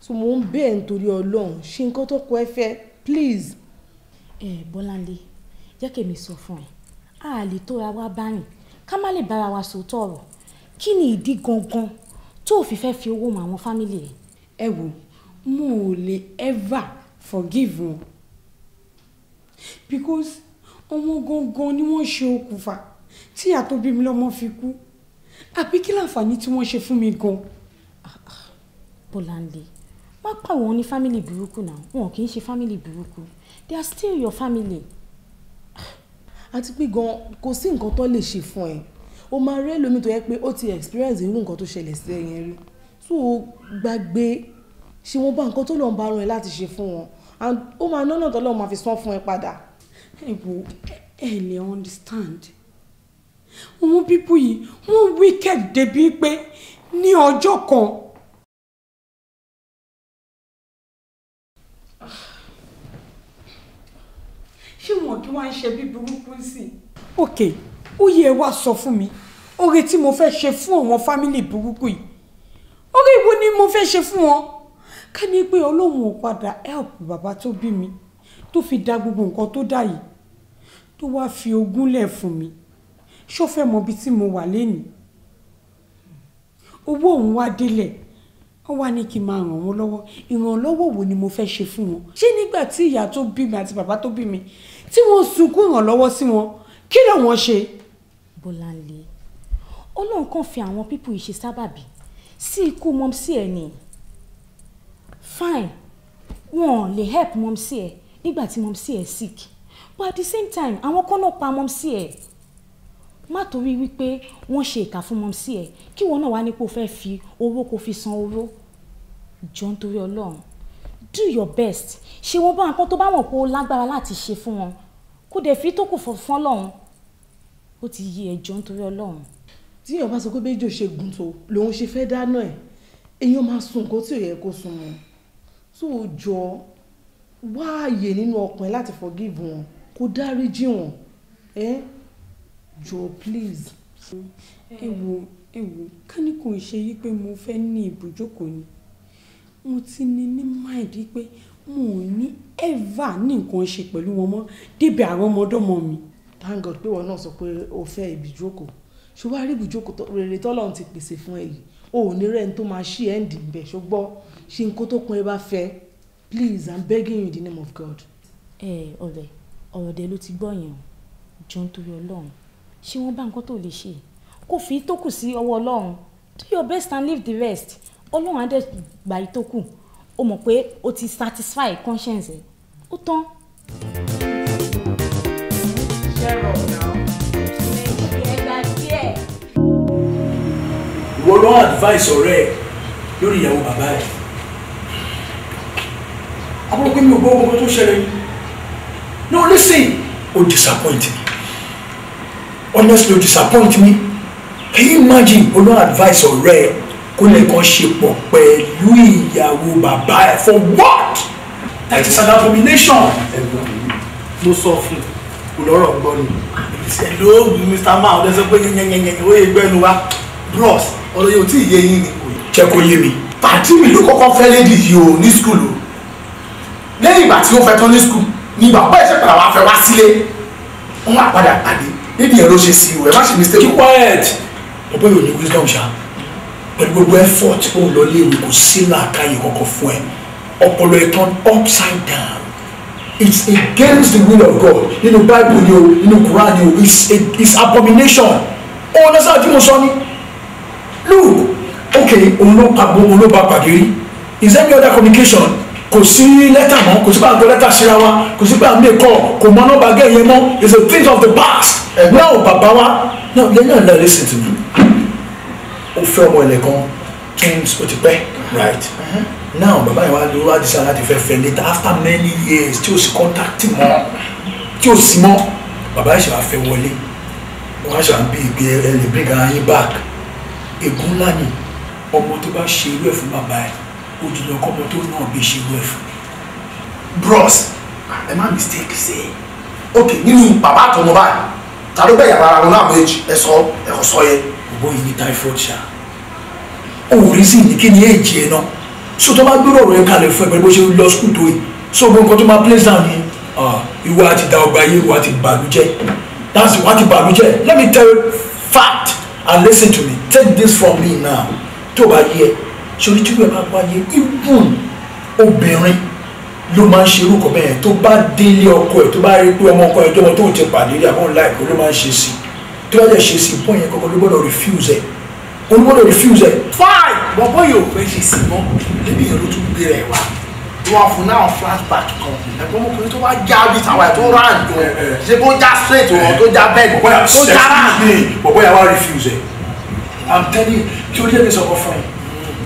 so mò ń bẹ́ẹ̀ nítorí ọlọ́run ṣe nǹkan tó kọ ẹ fẹ́ please. ẹ bọ́láńdé jẹ́ kèmi sọ fún ẹ a lè tóra wá báyìí ká má lè bára wa sòótọ́ ọ̀rọ̀ kí ni ìdí gangan tó o fi fẹ́ fi owó mọ àwọn fámìlì rẹ. ẹ wo mo ò lè ever forgive wọn because ọmọ gangan ni wọ́n ṣe okùnfà tí ìyá tó bí mi lọ́mọ fi kú àbí kí láǹfààní tí wọ́n ṣe fún mi gan. Ah, ah, bọ́láńdé má pa wọn ní family burúkú náà wọn kì í ṣe family burúkú they are still your family. àti pé gan kò sí nǹkan tó lè ṣe fún ẹ o máa rí ẹlòmíì tó yẹ pé ó ti experience irú nǹkan tó ṣẹlẹ̀ sí ẹ̀yìn rí tó o gbàgbé ṣé wọ́n bá nǹkan tó lọ́n bá rán ẹ láti ṣe fún wọn and ó máa nọ́nà tó lọ́n máa fi san fún ẹ padà. ẹ wo ẹ lè understand àwọn pípú yìí wọ́n wicked débi pé ní ọjọ́ kan ṣé wọn kí wọn ṣe bí burúkú sí. ok ó yẹ wá sọ fún mi oore tí mo fẹ́ ṣe fún àwọn fámìlì burúkú yìí oore wo ni mo fẹ́ ṣe fún wọn ká ní pé ọlọ́run ò padà help bàbá tó bí mi tó fi da gbogbo nǹkan tó dà yìí tó wáá fi ogún lẹ̀ fún mi ṣó fẹ́ mọ ibi tí mo wà lénìí owó òun wá délẹ̀ wọ́n wá ní kí n máa ràn wọ́n lọ́wọ́ ìrànlọ́wọ́ wo ni mo fẹ́ ṣe fún wọn ṣé nígbà tí ìyá tó bí mi àti bàbá tó bí mi tí wọ́n sunkún ìrànlọ́wọ́ sí wọn kí ló wọ́n ṣe. bọ́láńlé ọlọ́run kan fi àwọn pípù yìí ṣe sábàbí sí ikú mọ́mísí ẹ̀ ni fine wọn lè help mọ́mísí ẹ̀ nígbà tí mọ́mísí ẹ̀ sick but at the same time àwọn kan náà pa mọ́mísí ẹ̀ má torí wípé wọ́n ṣe ìkà fún mọ́mísí ẹ̀ kí wọn náà wá nípò fẹ́ fi owó kó fi san owó jọ nítorí ọlọ́run do your best ṣe wọ́n bá wọn pọ́n tó bá wọn kó lágbára láti ṣe fún wọn kó dẹ̀ fi tó kù fún ọlọ́run ó ti yí ẹjọ́ nítorí ọlọ́run. tí èèyàn bá sọ pé bẹ́jọ́ ṣe gùn tó lòun ṣe fẹ́ dáná ẹ̀ èèyàn máa sun nǹkan tí ò yẹ kó sun wọn tó o jọ wá àyè nínú ọkàn láti forgive wọn kó dáríjì wọn ẹ jọ please. ẹ wo ẹ wo ká ní kò ń ṣe yí pé mo fẹ́ ní ibùjókòó ni mo ti ní ní máìdí pé mo ò ní ever ní nǹkan ṣe pẹ̀lú wọn mọ́ débi àwọn ọmọdọ́mọ mi. thank god pé wọn náà sọ pé o fẹ́ ibùjókòó ṣùgbọ́n àrí ibùjókòó rere tọ́lọ́run ti pèsè fún ẹ yìí o ò ní rẹ́ni tó máa ṣí ẹ́ǹdì bẹ̀ ṣùgbọ́n ṣe nǹkan tó kún ẹ bá fẹ́ please i'm begging you in the name of god. ẹ ọ̀rẹ́ ọ̀rọ̀dẹ ló ti gbọ́ yẹn o jọ nítorí ọlọ́run ṣé wọ́n bá nǹkan tó lè ṣe kó fi tó kù sí ọwọ́ ọlọ́run do your best and leave the rest ọlọ́run adé gbà yìí tó kù ó mọ̀ pé ó ti satisfy conscience ẹ̀ ó tán. ìwọ ló advice ọ̀rẹ́ lórí ìyàwó bàbá ẹ àbúrò pé mi ò gbọ́ gbogbo tó ṣẹlẹ̀ no listen o disappoint me honestly o disappoint me can you imagine olóhùn advice ọ̀rẹ́ ẹ kó lè kàn ṣe pọ̀ pẹ̀lú ìyàwó bàbá ẹ̀ for what that is an abomination. mo sọ fún un lọ́rọ̀ gbọ́ ni. hello mr Ma, ọ̀dọ́ sọ pé yẹnyẹnyẹnyẹn ó yẹ gbẹ́nu wa bros ọ̀rọ̀ yóò tí ì yé yín ni. jẹ́ kó yé mi. pàtí mi ló kọ́kọ́ fẹ́ lédi yìí o ní skul o lẹ́yìn ìgbà tí ó fẹ́ tán ní skul ni bàbá ẹ̀ṣẹ̀ padà wá fẹ́ wá sílé wọ́n á padà pàdé níbi ẹ̀ ló ṣe sí o ẹ má ṣe mistake o. keep quiet ọ̀pẹ́ yóò ní wisdom ṣáà pẹ̀lú gbogbo effort ó lọ léwu kò sí làákàyè kankan fún ẹ ọpọlọ ẹ turn upside down it's against the will of God nínú bible ni o nínú quran ni o it's a it's abomination ó wọn lọ́sàn-án tí mo sọ ni look okay òun ló pa gbogbo òun ló pa pàdé is there any other communication kò sí lẹ́tà mọ́ kò sí pé à lẹ́tà síra wa kò sí pé à ń lè kọ́ kò mọ nọ́mbà gẹ́gẹ́ yẹn mọ́ it's a thing of the past now bàbá wa now lẹ́yìn náà listen to me ó fẹ́ ọmọ ilẹ̀ kan kings ó ti pẹ́ right mm-hmm. now bàbá yẹn wá ló wá dísà láti fẹ́ fẹ́ later after many years tí ó sì contact mọ́ tí ó sì mọ́ bàbá yẹn ṣe wá fẹ́ wọlé wọ́n á ṣe wá bí ìgbé ẹ bring ara yín back ègún ńlá ni ọmọ tó bá ṣe irú ẹ̀ fún bàbá ẹ̀ ó di lọ́kọ́ ọmọ tó náà bí ṣe irú ẹ̀ fún bros ẹ má mistake ṣe ok nínú bàbá àtọmọ báyìí ta ló bẹ̀yà ara wọn náà méjì ẹ sọ ẹ kò sọ yẹn bọ́ yìí ní typhoid ṣá òòrì sì ní kí ni èjì ẹ̀ náà so tó bá gbọ́dọ̀ rẹ̀ kalẹ̀ fún ẹ pẹ̀lú bó ṣe lọ skul tó yìí so gbogbo nǹkan tó máa place down ni ìwọ àti da ọgbà yìí ìwọ àti bàlújẹ́ that's ìwọ àti bàlújẹ́ let me tell you fact and listen to me take this from me now tó bá yẹ sori tí wọ́n bá wáyé even obìnrin ló máa ń ṣe irú kan bẹ́ẹ̀ tó bá délé ọkọ ẹ̀ tó bá rí pé ọmọ ọkọ ẹ̀ tó mọ tó ti pàdé àbọ̀ láìpẹ́ ló máa ń ṣe sí i tó bá jẹ́ ṣe sí bọ́ yẹn kọ́kọ́ ló gbọ́dọ̀ refuse ẹ̀ ó gbọ́dọ̀ refuse ẹ̀. fine bọ́bọ́ yóò fẹ́ ṣe sí mọ́ níbi yẹn ló tún gbé rẹ̀ wá wọ́n fún náà flashback kan ẹ̀gbọ́n ọmọkùnrin tó bá já bí tàwa ẹ̀ tó rà ń dùn ṣe bó já straight wọn tó já bẹ́ẹ̀ tó já rà. bọ̀bọ̀ yà wá refuse ẹ̀ i'm telling you kí o jẹ́ mi sọ̀kọ̀ fún ẹ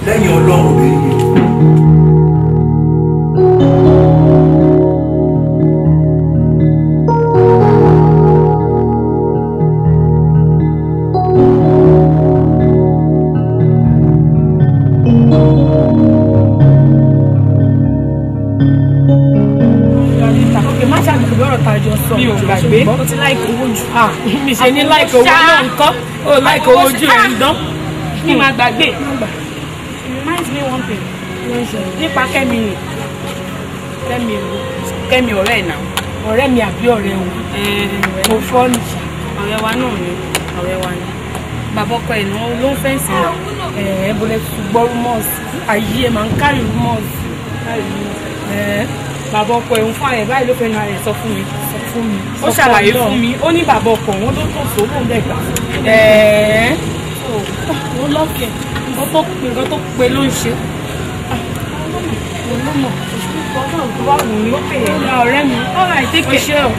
lẹ́yìn ọlọ́run obìnrin mi ò gbàgbé o ti láìkì owó jù ah, mi ṣe ní láìkì owó náà nǹkan o láìkì owó jù ẹ̀ ń dán. Ah! mi máa gbàgbé reminds me one thing nípa kẹ́mi rè kẹ́mi rè kẹ́mi ọ̀rẹ́ ẹ̀ náà. ọ̀rẹ́ mi àbí ọ̀rẹ́ wọn eh, mo fọ́ ni. ọ̀rẹ́ wa náà ni ọ̀rẹ́ wa ni bàbá ọkọ ẹ̀ náà ló ń fẹ́ǹsì rẹ̀. Eh, ẹ ẹ bọ̀dẹ̀ ṣùgbọ́n rumors ayé ẹ máa ń kárì rumors eh, bàbá ọkọ ẹ̀ ń fún ààrẹ báyìí ló fẹ́ nu ààrẹ sọ fún mi sọ fún mi. ó ṣàlàyé fún mi ó ní bàbá ọkọ òun ló tòṣó lóun dẹ̀ gbà. ẹ̀ẹ́ ó lọ́kẹ̀ nǹkan tó pe nǹkan tó pe ló ń ṣe. Ah, olómọ̀ ọlọ́run tó bá wù mí ó pè é ọ̀la ọ̀rẹ́ mi ọ̀la ìtẹ́kẹ̀. ọ̀ṣẹ́ o.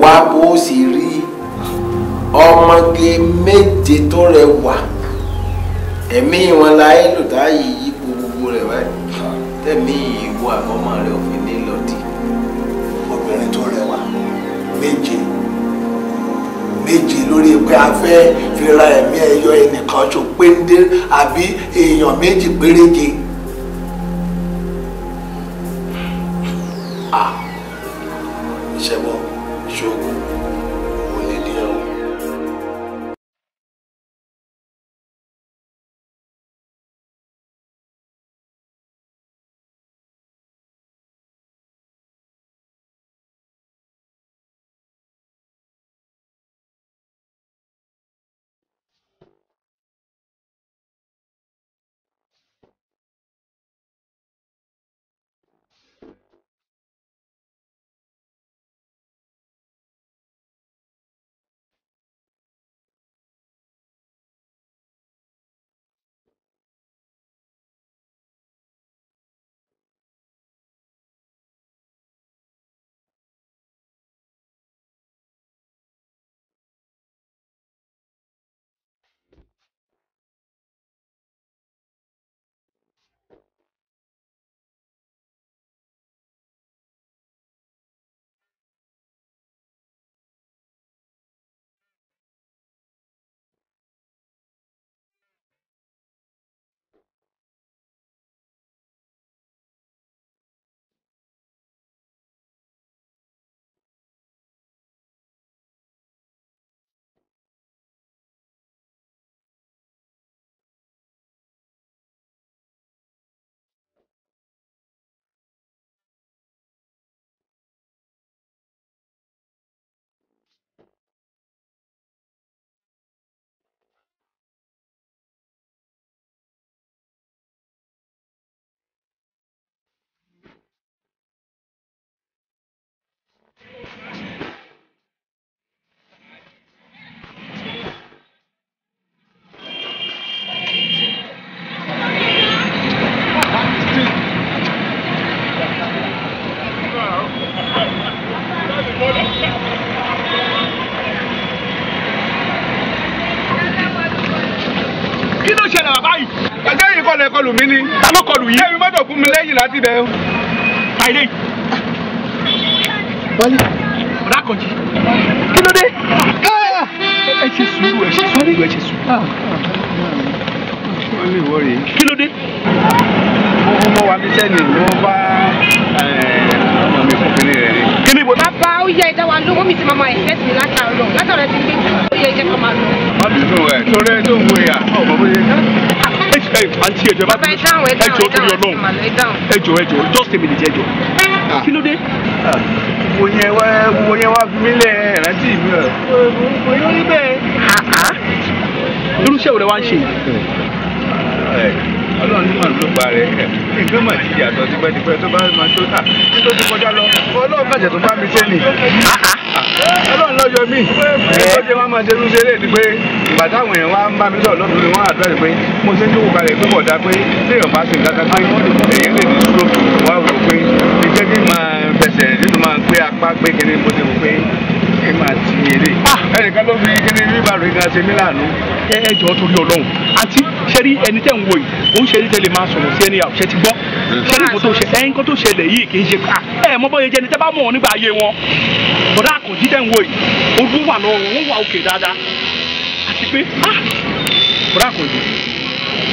wá bó sì rí ọmọge méje tó rẹwà ẹ̀mí wọn la ẹ lò tá yìí yí gbogbo rẹ̀ báyìí tẹ̀mí ìwọ àbọ̀mọ rẹ̀ òfin ní lọ́tì. obìnrin tó rẹwà méje méje lórí pé a fẹ́ fi ra ẹ̀mí ẹyọ ẹnìkan ṣo péńdé àbí èèyàn méjì péréje. ah mi lẹ́yìn láti bẹ̀ o. Tàìlé. Wálé. Bọ̀dá Kànjí. Kí ló dé? Ẹ ṣe sùúrù ẹ ṣe sùúrù ẹ ṣe sùúrù. Ó lè wọ̀rì. Kí ló dé? Ọmọ wa bíṣẹ́ ni ni wọ́n bá ọmọ mi fún kínní rẹ̀ ni. Kínní bọ̀dá. Bàbá ó yẹ ẹja wa lówó mi ti máa ma ẹ̀fẹ́ sí látàárọ̀ látàárọ̀ ti gbé ó yẹ ẹjẹ́ kan máa lò. Má bínú ẹ̀ torí ẹ tó ń wo ìyá ọmọ bóyá ẹ àǹtí ẹjọ bá bẹ ẹjọ torí Ọlọ́run ẹjọ ẹjọ just a minute ẹjọ ah. kí ló dé. Ah. wo yẹn wá wo yẹn wá mi lẹ rántí mi ọ. mo yóò rí bẹ́ẹ̀. irúṣẹ́ wo lẹ wá ń ṣe yìí. Eh ọlọ́run ní màá ló pa rẹ̀ nǹkan mà ti yàtọ̀ tipẹ́tipẹ́ tó bá máa tó tà tó ti kọjá lọ ọlọ́run bàjẹ́ tó bá mi tó nì ọlọ́run lọ́jọ́ mi lọ́jọ́ máa máa ṣerú ṣeré ni pé ìgbà táwọn èèyàn wá ń bá mi sọ̀rọ̀ lọ́dún ni wọ́n àdúrà pé mo ṣe ń dúró kalẹ̀ pé bọ̀dá pé téèyàn bá ṣe nǹkan kan pé èèyàn lè ní stroke wá rò pé ìjẹ́ kí máa fẹsẹ̀ kí n máa ti eré ah! ẹnìkan ló fi kíní bíbá rẹ gan ṣe mí lànà. ẹ ẹ jọ torí Ọlọ́run àǹtí ṣẹ́rí ẹni tẹ́ ń wo yìí òun ṣẹ́rí tẹ́ lè máa sọ̀rọ̀ sí ẹni àwọn ṣẹ́ ti gbọ́ mm. ṣẹ́rí nǹkan tó ṣe ẹ nǹkan tó ṣẹlẹ̀ yìí kì í ṣe ká ah, ẹ mọ bóyá jẹni tẹ́ bá mọ̀ nígbà ayé wọn bọ̀dá àkànjí tẹ́ ń wo yìí ojú wà lọ́rùn wọ́n wà òkè dáadáa àti pé ah, bọ̀dá àkànjí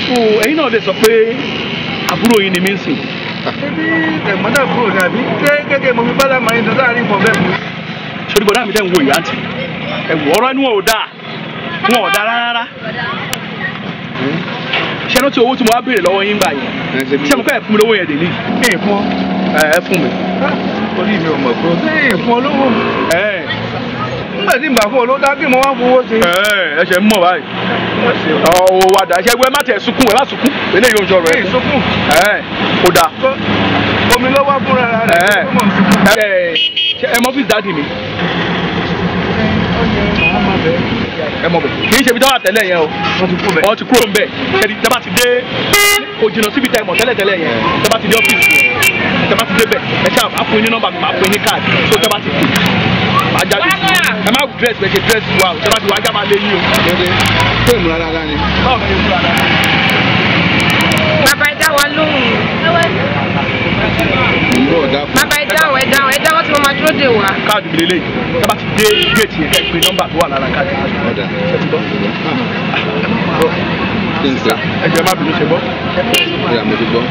so ẹ̀yin náà lè sọ pé àbúrò yìí ni mí ń sìn. ṣé bí tẹ̀gbọ́n náà kúrò ní àbí gẹ́gẹ́ mo fi bá lámàá yín lọ láàrin ìfọ̀bẹ́ mi sori bọ̀dá mi tẹ́ ń wo ìyá ntì ẹ̀wù ọ̀rọ̀ ẹnu ò dáa wọn ò dáa rárá ṣé owó tí mo wá béèrè lọ́wọ́ yín gbà yẹn ṣé mo kọ́ fún mi lówó yẹn dèlí ẹ̀ fún ọ ẹ̀ fún mi. orí mi ò mọ̀ pé ẹ̀ fún ọ lówó nígbà tí màá fún ọ ló dá kí mo wá fowó ṣe. ẹ ṣe ń mọ̀ báyìí ọ̀wọ̀ wàdà má tẹ̀ sunkún ẹ má sunkún eléyìí ò ń sọ̀rọ̀ ẹ. ẹ sunkún. ẹ ó omi ló wá fúnra rẹ̀ ẹ mọ fíìsì dáàdì mi ẹ mọ bẹ kì í ṣe ibi táwọn àtẹlẹ yẹn o wọn ti kúrò nbẹ ẹni tẹbá ti dé kò jìnnà síbi tẹmọ tẹlẹtẹlẹ yẹn tẹbá ti dé ọfíìsì yẹn tẹbá ti dé bẹ ẹ ṣe àpò ní nọ́mbà mi máa pè ní káàdì tó tẹbá ti pè ajáde ẹ má dírẹ́sì bẹ ṣe dírẹ́sì wa o tẹbá ti wá ajá máa lé yín o. ṣé ìmúra rárá ni. báwo ni ìmúra rárá. bàbá ìdá wa lóhùn bàbá ẹ dáhùn ẹ dáhùn ẹ dáhùn tí mo máa dúró dè wá. káàdì mi lélẹ̀ ẹ bá ti dé géètì yẹn ká ẹ pe nọ́mbà tó wà lára káàdì mi. ọ̀dà ẹ má bínú ṣe bọ́.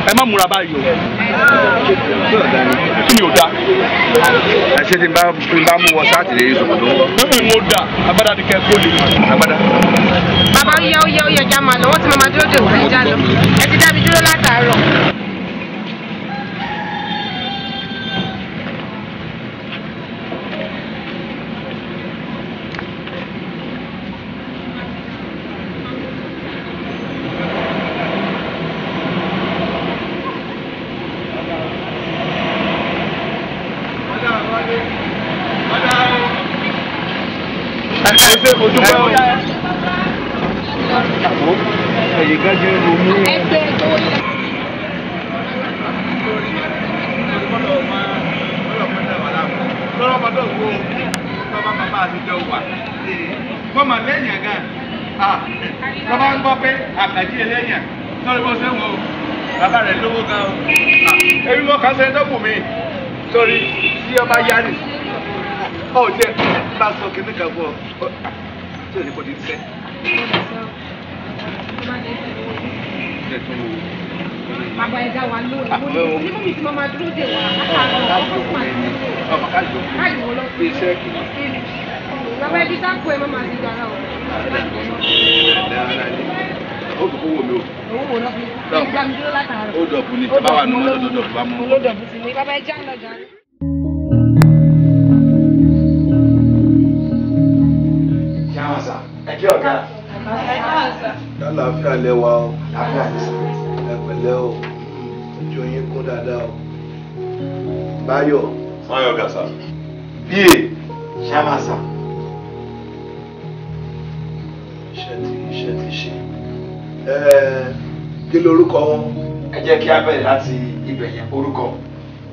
ẹ má múra báyìí o. kí ni o da. ẹ ṣe ti bá bá mú wọ sáà tìlẹ̀ yìí sọ̀rọ̀ lọ́wọ́. mímì mo da agbada ni kẹ́ ẹ kó lè. agbada. bàbá ó yá ó yá ó yá já máa lọ wọ́n ti máa dúró dè wá ẹ já lọ ẹ ti dá dúró látàárọ̀. ẹgbẹ́ ojúbọ ẹ̀yìnká jẹ́ romú. ẹgbẹ́ tó yẹ. lọ́rọ́mọdé òwò bàbá bàbá àtijọ́ wà fọmọ lẹ́yìn ẹ̀gá lọ́ba ń gbọ́ pé àkàjí ẹlẹ́yìn sọ́rí bó ṣe wọ́n o bàbá rẹ̀ lówó gan o èmi wọ́n kà sẹ́ńtọ́ bù mí sórí tí ọba yá nì ọ̀ jẹ́ bá sọ kí nìkan fún ọ tí ò ní bọ́dí sẹ́. Bàbá ẹ̀dá wa ló ah, ẹ̀ ní mímí tí mo máa dúró dè wá látàárọ̀ ah, ọkọ̀ fún àti ọmọ kájọ kájọ ọlọ́pàá iṣẹ́ kì í. Bàbá ẹbí dákú ẹ má máa di dára o. Ó fi kówó mi o. Owó wo lọ fi? Ó dọ̀bù ni tí bá wà nínú ọdọọdọ bá mú. Ó dọ̀bù sí ni bàbá ẹja ń lọ jà. ẹjẹ ọgá lálàáfíà lẹwa o ẹpẹ̀lẹ́ o ojú yín kún dáadáa o báyọ̀. báyọ̀ gàṣà. bíè. ṣàmàṣà. iṣẹ́ ti iṣẹ́ ti ṣe. kí lorúkọ wọn. ẹ jẹ́ kí a bẹ̀rẹ̀ láti ibẹ̀ yẹn orúkọ.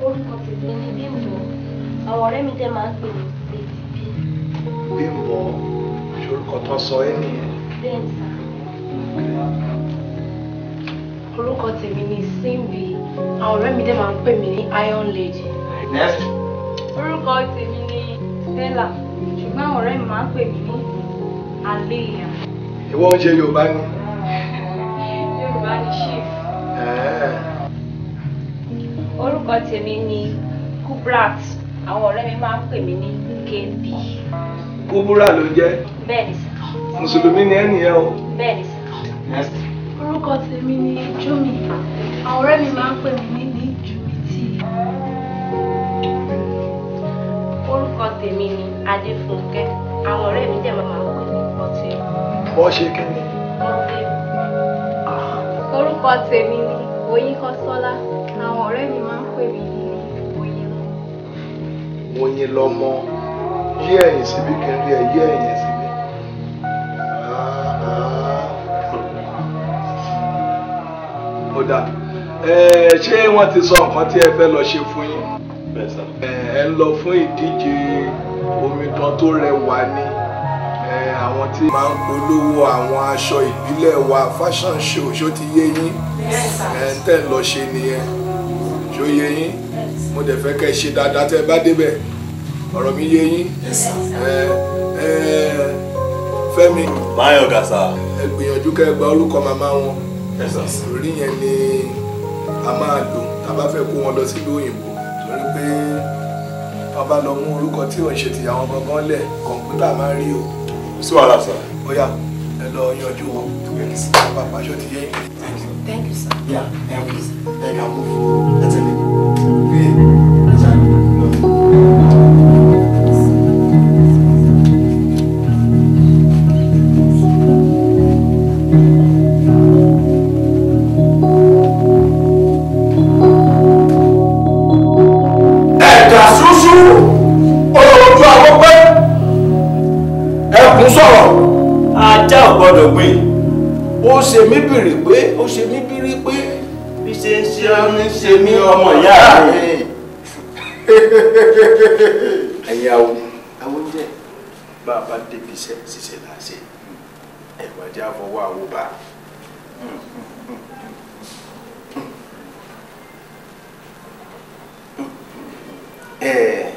orúkọ tèmi ni bímbọ́ ọ̀rẹ́ mi tẹ́ máa ń pè ní bímbọ́. bímbọ́. kọtọ sọ ẹ nìyẹn. orúkọ tèmi ni Simbi àwọn ọ̀rẹ́ mi dẹ̀ máa ń pè mí ní Iron Lady. next. orúkọ tèmi ni Stella ṣùgbọ́n àwọn ọ̀rẹ́ mi máa ń pè mí ní Aleya. ìwọ ń ṣe Yorùbá ni. Yorùbá ni chief. orúkọ tèmi ni Kubrat àwọn ọ̀rẹ́ mi máa ń pè mí ní KB. kúbúrà ló jẹ́ mùsùlùmí ni ẹnì yẹn o. orúkọ tèmi ni jumi àwọn ọ̀rẹ́ mi máa ń pè mí ní ní jùmìtì. orúkọ tèmi ni adéfúnkẹ́ àwọn ọ̀rẹ́ mi dẹ̀ máa ń pè mí pọ́tì. bọ́ ṣe orúkọ tèmi ni oyínkọ́sọ́lá àwọn ọ̀rẹ́ mi máa ń pè mí ní oyin. oyin lọmọ yí ẹ̀yìn sí mi kí n rí ẹ yí ẹ̀yìn sí mi. ó dà ṣé wọ́n ti sọ nǹkan tí ẹ fẹ́ lọ ṣe fún yín ẹ ń lọ fún ìdíje omidan tó rẹwà ni àwọn tí máa ń polówó àwọn aṣọ ìbílẹ̀ wa fashion show ṣó ti yé yín ẹ̀ ń tẹ̀ lọ ṣe nìyẹn ṣó yé yín mo dẹ̀ fẹ́ kẹ́ ṣe dáadáa tẹ́ bá débẹ̀ ọ̀rọ̀ mi yé yín fẹ́mi máyọ̀ gàṣà ẹ gbìyànjú kẹ́ ẹ gba orúkọ màmá wọn rí yẹn ni a máa lò tá a bá fẹ́ kó wọn lọ sílùú òyìnbó torí pé wọn lọ mú orúkọ tí ò ń ṣe tìyàwó gangan lẹ̀ kọ̀ǹpútà máa rí o. sí wàhálà sir. ó yá ẹ lọ yanjú wọn pàpà aṣọ ti yé thank you sir. yeah thank you sir. ẹ kà mú fún ẹ tẹ́lẹ̀. gbọ́dọ̀ pé ó ṣe mí bìrì pé ó ṣe mí bìrì pé bí ṣe ń ṣe ọ́ ní ṣe mí ọmọ ìyá mi. ẹ̀yin awo awo ń jẹ́ bá a bá débi iṣẹ́ ṣiṣẹ́ là á ṣe ẹ̀wájú àfọwọ́ àwo bá a.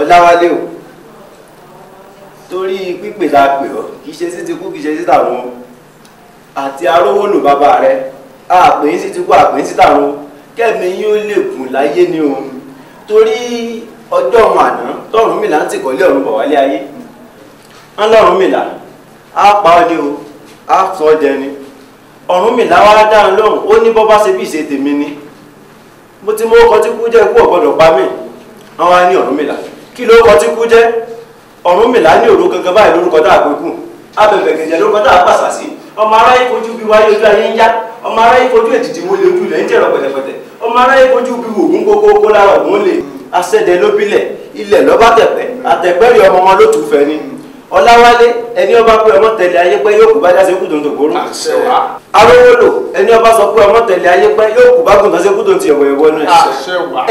ọ̀làwálé o torí pípè la pè ọ́ kì í ṣe sí ti kú kì í ṣe sí tàwọn àti arówó lò bàbá rẹ àpè yín sí ti kú àpè yín sí tàwọn kẹ́mi yín ó lè gùn láyé ni o torí ọjọ́ ọ̀hún àná tọ́rùn mìlá ń tìkọ́lé ọ̀run bọ̀ wálé ayé ń lọ́rùn mìlá á pa ọ́ dé o á sọ ọ́ dẹni ọ̀run mìlá wá dáhùn lóhùn ó ní bọ́ bá ṣe bí ìṣe tèmi ni mo ti mú ọkọ̀ tí kú jẹ́ kú ọ̀gbọ́dọ̀ pa mí àwọn á ní ọ̀run mìlá kí ló kọ́ tí kú jẹ́ ọ̀run mìlá ní òru gangan báyìí lórúkọ tá a gbé kù abẹ̀bẹ̀ gẹ̀jẹ̀ lórúkọ tá a pàṣà sí ọmọ aráyé fojú bí wáyé ojú ayé ń yá ọmọ aráyé fojú ètìtì wọn lè ojú ilẹ̀ ń jẹ̀rọ pẹ̀tẹ̀pẹ̀tẹ̀ ọmọ aráyé fojú bí wògún kókó lára ògún lè asẹ́dẹ̀ lóbílẹ̀ ilẹ̀ lọ́bàtẹ̀pẹ̀ àtẹ̀pẹ́rì ọmọ wọn ló ni ọláwálé ẹni ọba pé ọmọ tẹ̀lé ayé pé yóò kú bá dáṣe kú tòǹtò gbòòrò. arówólò ẹni ọba sọ pé ọmọ tẹ̀lé ayé pé yóò kú bá gùntàn ṣe kú tòǹtì ẹ̀wọ̀ ẹ̀wọ̀ nù.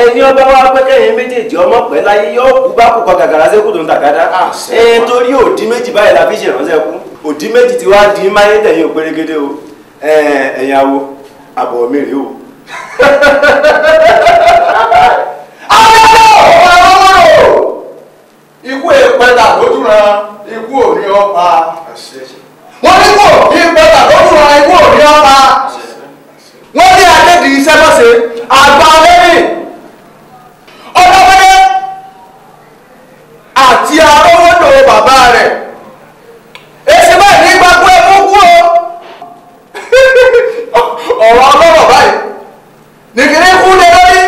ẹni ọba wa pé kẹ́yìn méjèèjì ọmọ pẹ́ láyé yóò kú bá kú kọ gàgàrà ṣe kú tòǹtà gàdá. ẹn torí òdì méjì báyìí la fi ṣe ìrànṣẹ́ kú òdì méjì ti wá di máyé tẹ̀yìn ògbérégédé o ẹ̀yàwó àbọ̀ mi rèé o. ikú ìpẹ́ta lójú ran ikú òní ọ̀pá wọ́n ní kò ní ìpẹ́ta lójú ran ikú òní ọ̀pá wọ́n ní adédi iṣẹ́ bọ́sẹ̀ àgbà lẹ́yìn ọlọ́pẹ́lẹ́ àti arówódò bàbá rẹ̀ èsì báyìí ní gbàgbọ́ ẹ̀mú kú o ọ̀rọ̀ ọlọ́rọ̀ báyìí nìkìrí kú lé lórí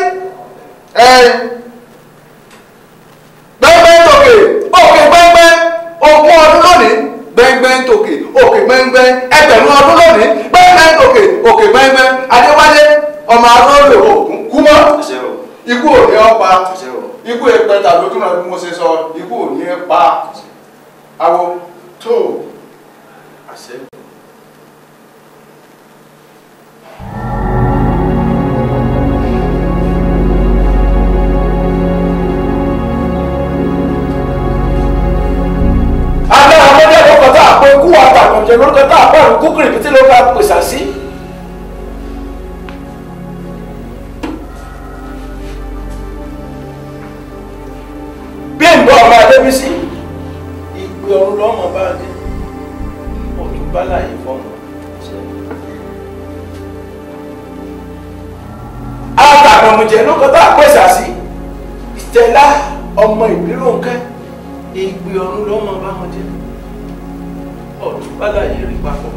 òkè òkè gbẹ́ngbẹ́ ẹgbẹ̀rún ọdún lónìí gbẹ́ngbẹ́ òkè òkè gbẹ́ngbẹ́ adéwálé ọmọ arọ́lẹ̀ ògùn kúmọ́ ikú ò ní ọpa ikú ìpẹta lójúmọ̀ bí mo ṣe sọ ikú ò ní pa awo tó. pèsè sí. bí n bọ́ ọba débi sí ìgbé ọ̀run lọ́mọ bá dé ọ̀tún bá láàyè fọ́ọ̀mù. àtàkùnmùjẹ ló kọ́ tá a pèsè sí ìtẹ̀lá ọmọ ìbílẹ̀ òǹkẹ́ ìgbé ọ̀run lọ́mọ bá wọn jẹ́ ọ̀tún bá láàyè rí papọ̀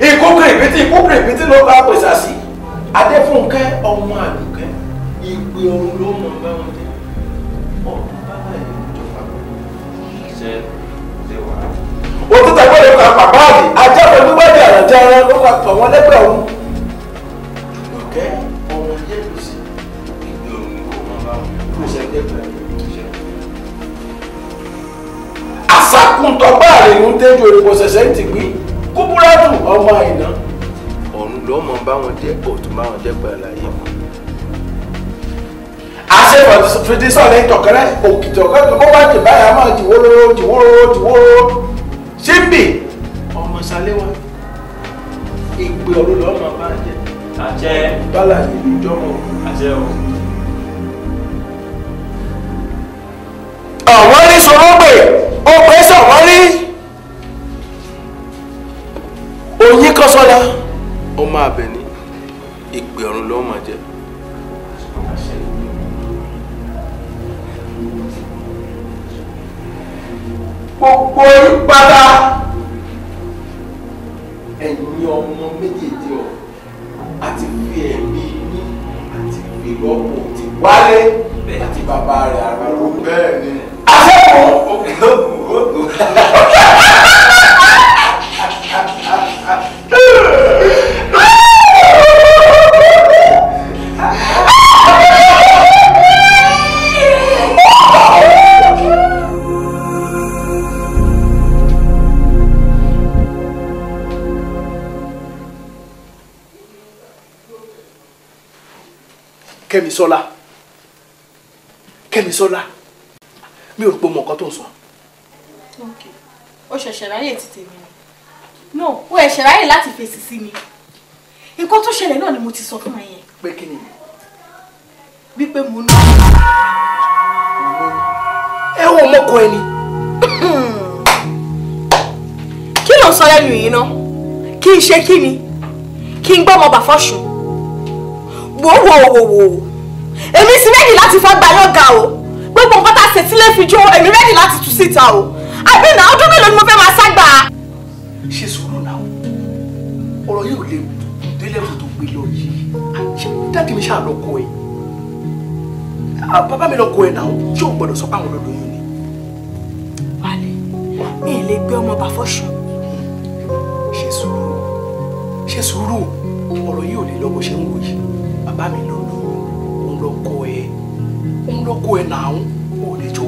ìkókè ìpètè ìkókè ìpètè ló bá pèsè àsì adéfúnkẹ́ ọmọ àdùkẹ́ ìpè ọ̀run ló mọ̀ bá wọn jẹ́ ọ̀run bàbá yìí jọba ṣe ṣe wà. ó tún tàgbọ́n lè pa bàbá àdì ajáfẹ́ wíwájú àràjá ara ló pa pọ̀ wọn lẹ́gbẹ̀ẹ́ ọ̀hún. ọ̀kẹ́ ọmọ yẹ́ kò sí ìpè ọ̀run ló mọ̀ bá wọn kò ṣe ẹgbẹ́ àsàkùntọ̀gbà rẹ̀ ń tẹ́jú erékọ́ ṣẹ̀ṣẹ̀ ń tìgbì kúbúrádù ọmọ àìná ọ̀run ló mọ̀ bá wọn jẹ́ òtún bá wọn jẹ́ pẹ̀lú àyè wọn. àṣẹ fìdísọ̀ ní tọ̀kẹ́rẹ́ òkìtọ̀kẹ́ kó bá jì báyà máa jìwóró jìwóró jìwóró síbì ọmọ ṣàléwá ìpè ọ̀run ló mọ̀ bá jẹ́ àṣẹ bálà ìlú ìjọmọ àṣẹ o. àwọn rí sọ wọ́n pè ó pè sọ wọ́n rí oyin kọ́sọ́lá ọmọ abẹni ìgbẹ̀rún ló máa jẹ. gbogbo ìpadà ẹ̀yin ọmọ méjèèjì ọ̀ àti fi ẹ̀mí ní àti fi lọ́pọ̀ ti wálé àti bàbá rẹ̀ àrùn bẹ́ẹ̀ ni. àṣẹ́kù. kẹ́misọ́lá kẹ́misọ́lá mi ò rò pé mo nǹkan tó ń sọ. ó ṣẹ̀ṣẹ̀ ráyè ti tèmi ni no ó ẹ̀ṣẹ̀ ráyè láti fèsì sí mi nǹkan tó ṣẹlẹ̀ náà ni mo ti sọ fún ẹ yẹn. pé kí ni. bí pé mo ń lọ. ẹ wo ọmọkọ ẹni. kí ló ń sọ lẹ́nu yìí ná kí n ṣe kí ni kí n gbọ́ ọmọ bàfọ́sùn wò wò wò wò èmi sì rẹ́dì láti fagbá yọ̀gà o gbogbo nǹkan tá a ṣètìlẹ́ fi jó èmi rẹ́dì láti tú síta o àbí nà ọdún mélòó ni mo fẹ́ máa ságbà. ṣé sọ̀rọ̀ náà ọ̀rọ̀ yóò lè délẹ̀ fún tó gbé lọ yìí ṣé dáàdì mi ṣáà lọ́kọ ẹ̀ bàbá mi lọ́kọ ẹ̀ náà yóò gbọ́dọ̀ sọ pé àwọn olóyún ni. wálé ẹ lè gbé ọmọ bá fọ́ṣù. ṣe sùúrù ṣe sùúrù ọ̀rọ̀ yìí lè lọ ṣe ń wò yìí bàbá mi lóyún òun ló kó e òun ló kó e náà ò lè jọ.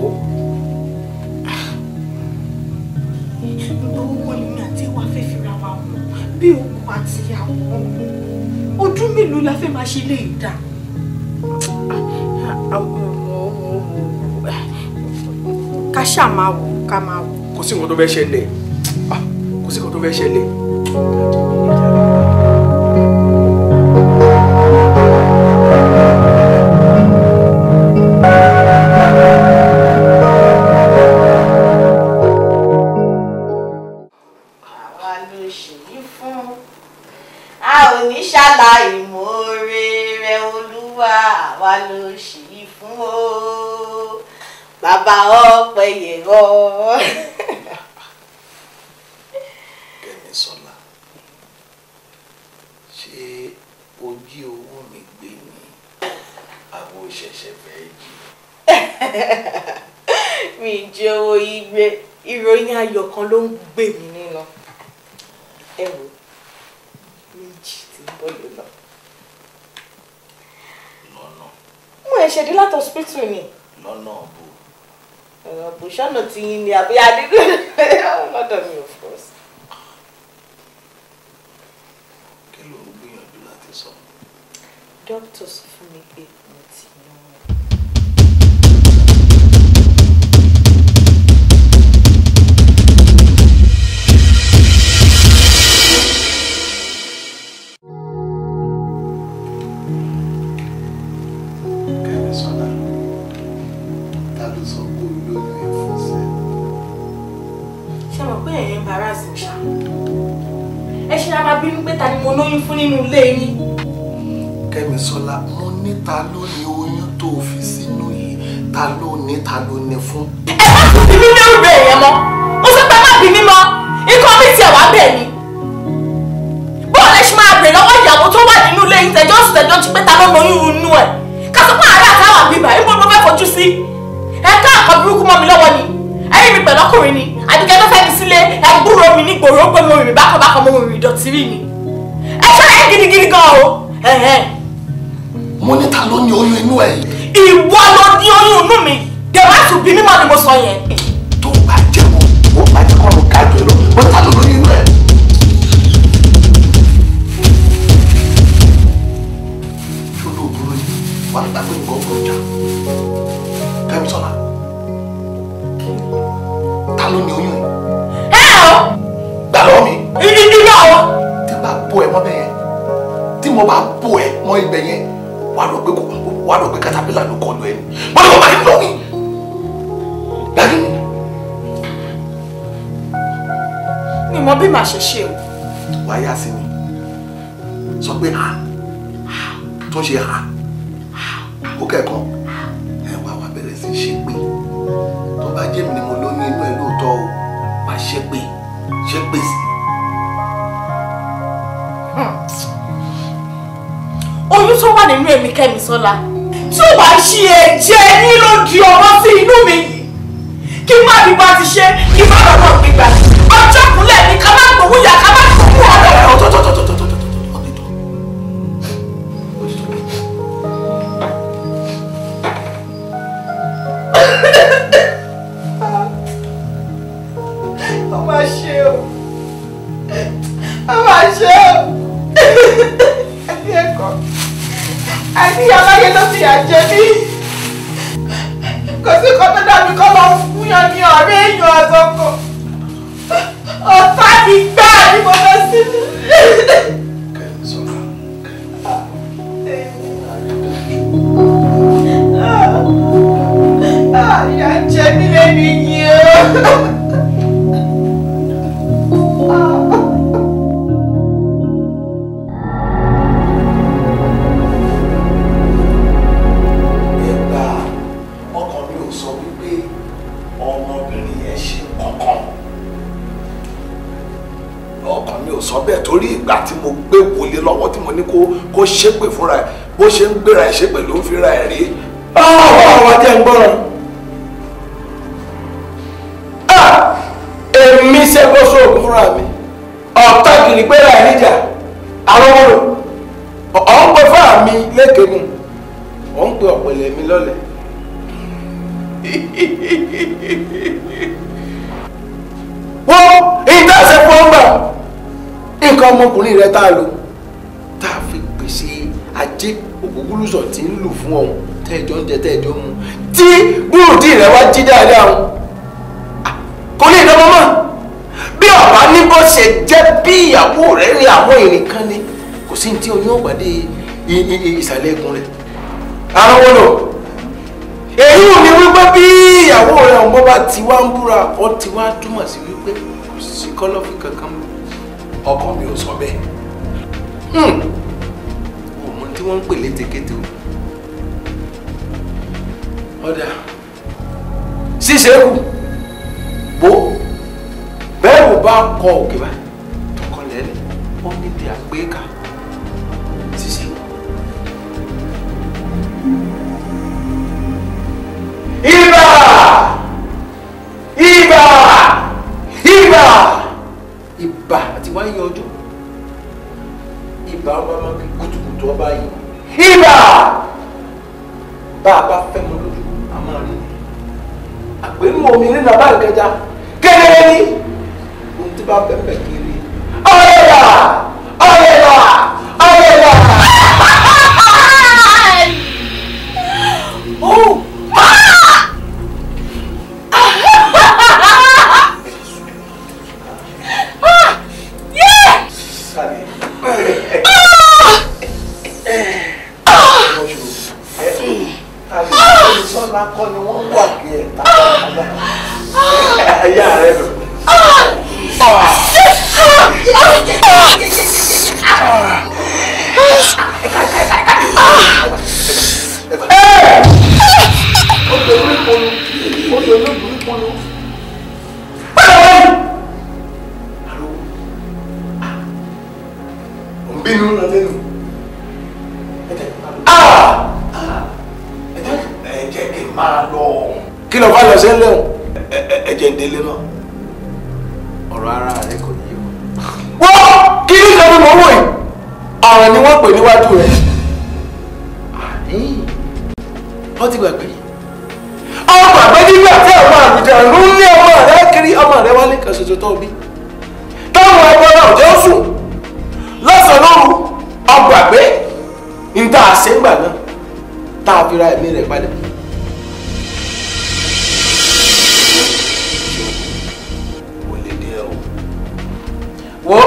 gbogbo owó ni mi àti ìwà fẹ́ fi ra wa mọ̀ bí òkú àti àwọn ọdún mélòó la fẹ́ máa ṣe lè dà. ká ṣáà máa wò ká máa wò. kò sí nǹkan tó fẹ́ ṣẹlẹ̀ ah, kò sí nǹkan tó fẹ́ ṣẹlẹ̀. sí Yeah, àbíkẹ́ tó fẹ́ mi sílé ẹgbúrò mi nígboro pé mo rìn bákan bákan mo rìn ìdọ̀tí rí mi ẹ ṣọlá gidigidi gan o. mo ní ta ló ní oyún inú ẹ. ìwọ ló ní oyún inú mi dèmásù bí mímọ ni mo sọ yẹn. tó o bá jẹ́ wọn o bá jẹ́ kọ́ ló ká jù ẹ lọ wọ́n ta ló lóyún inú ẹ. mo bá bò ẹ mọ ibẹ̀ yẹn wà lọ pé wà lọ pé katapila ló kọlu ẹ mo ní kó bá yẹ lọ́wọ́ mi mọ bí màá ṣe ṣe o. wàá yá sí mi sọ pé ha tó ṣe ha ó kẹ́kọ̀ọ́. tó wà nínú èmi kẹ́mi sọ́la tí ó bá ṣe ẹ̀jẹ̀ ní ló di ọ̀rọ̀ sí inú mi yìí kí má bí bá ti ṣe kí má lọ́wọ́ gbígbà ọjọ́ kúnlẹ̀ ní ká má gbowó ká má gbowó ọ̀dọ̀ tó tó tó. àìní aláyé ló fi àjẹ mí kò sí kan tó dàbí kọ́ lọ fún yan ní ọ̀rẹ́ èèyàn àtọkọ ọ̀tá mi gbáà ni mo lọ sí. ìgbà tí mo gbé wọlé lọ́wọ́ tí mo ní kó kó ṣépè fúnra ẹ̀ bó ṣe ń gbéra ẹ̀ ṣépè ló ń fira ẹ̀ rí. báwo àwọn àti ẹ̀gbọ́n èmi ṣẹ́gun sóògùn fúnra mi ọ̀tá kìlì gbéra ẹ̀ níjà àwọn ọmọ rẹ̀ ọ̀hún pé fáà mi lékemu ọ̀hún pé ọ̀pẹ̀lẹ̀ mi lọ́lẹ̀ wọ́n ìdásẹ́ ara ọmọkùnrin rẹ tá a lò tá a fi pèsè ajé òkúkúlùsọ tí ń lù fún ọ̀hún tẹ́ẹ̀jọ́ ń jẹ tẹ́ẹ̀jọ́ mu tí búrúdì rẹ wá jí dáadáa ọ̀hún kò lè dọ́gbọ́n mọ́ bí ọ̀bá ní bó ṣe jẹ́ bí ìyàwó rẹ̀ rí àwọn ìrìn kan ni kò sí ní tí oyún ó pàdé ìsàlẹ̀ ẹkùn rẹ̀ àwọn wọn èyí ò ní wípé bí ìyàwó rẹ̀ ọ̀hún bá ti wá ń búra ó ti wá túmọ̀ sí wípé kò sí kọ́lọ́fín kankan mọ́ ọkàn mi ò sọ bẹ́ẹ̀ o hmm. mọ tí wọ́n ń pè létekete o ọ̀dà ṣíṣe é kù bó bẹ́ẹ̀ ò bá kọ òkè bá tọkànlẹ́lẹ́ wọ́n ní di àgbéká ṣíṣe. Ibà! Ibà! Ibà! wá yọjú ibà wa máa fi kùtùkùtù ọba yìí ibà bá a bá fẹ́ mu lójú a máa rí àgbẹ̀rù omi nínú abá ìkẹjà kéré ní ohun tí bá fẹ́ fẹ́ kiri ọ̀rẹ́dà ọ̀rẹ́dà ọ̀rẹ́dà. Ayé rẹ̀ lò. Bínú lọ lẹ́nu. Ẹ jẹ́ kí n máa lọ. Ẹ jẹ́ kí n máa lọ kí ló bá lọ sí ẹlẹ́wọ̀n ẹ̀jẹ̀ ìdílé náà ọ̀rọ̀ ara rẹ kò yé o. wọ́n kí ní ìjọba mọ̀ wọ̀nyí ọ̀ràn ni wọ́n pè níwájú rẹ̀. wọ́n ti gbàgbé ọmọ àgbẹ̀ nígbà tí àwọn àgùntàn ló ń lé ọmọ rẹ kiri ọmọ rẹ wálé kan ṣoṣo tó bí táwọn ọmọ náà jẹ́ sùn lọ́sàn-án lóru ọgbàgbé ní tá a ṣe ń gbà náà tá a fi ra ẹ̀mí rẹ̀ padà. wo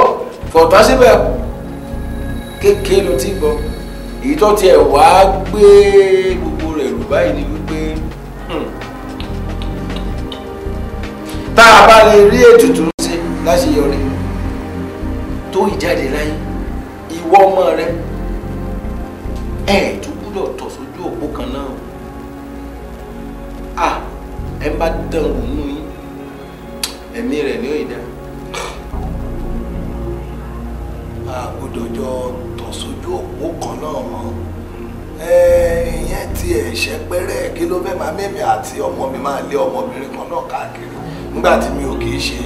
fọ̀tọ́ síbẹ̀ kékeré ló ti gbọ́ èyí tó tiẹ̀ wá gbé gbogbo rẹ̀ rù báyìí ni wípé hmm. tá a bá lè rí ètùtù ṣe láṣeyọrí tó ìjáde láyé ìwọ ọmọ rẹ ẹ tó gbúdọ̀ tọ̀ sójú òpó kan náà ẹ bá dán òun yín ẹ̀mí rẹ̀ ní òyìnbá àgbọ̀dọ̀jọ tàn sójú òpó kan náà mọ́ ìyẹn ti ẹ̀ṣẹ̀ pẹ́rẹ́ kí ló fẹ́ máa mẹ́mí àti ọmọ mi máa lé ọmọbìnrin kan náà káàkiri nígbà tí mi ò kì í ṣe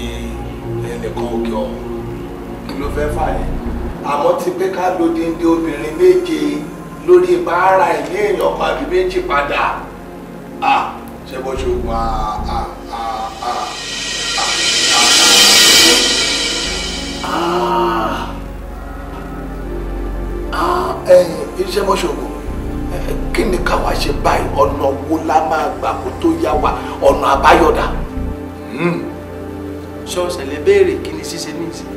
ẹnìkan òkè ọ̀hún kí ló fẹ́ fààyè àmọ́ ti pé ká lo díndín obìnrin méje lórí ìbára ìní èèyàn kan àbí méjì padà ṣe bó ṣe wà á á á á á á. Eh, iṣẹ́ mọ́ṣọ́gbó eh, kí ni káwa ṣe báyìí ọ̀nà wo la máa gbà kó tó yá wa ọ̀nà àbáyọ̀dà. Hmm. ṣọ́ọ̀ṣẹ̀lẹ̀ béèrè kí ni ṣíṣe ní ìsìn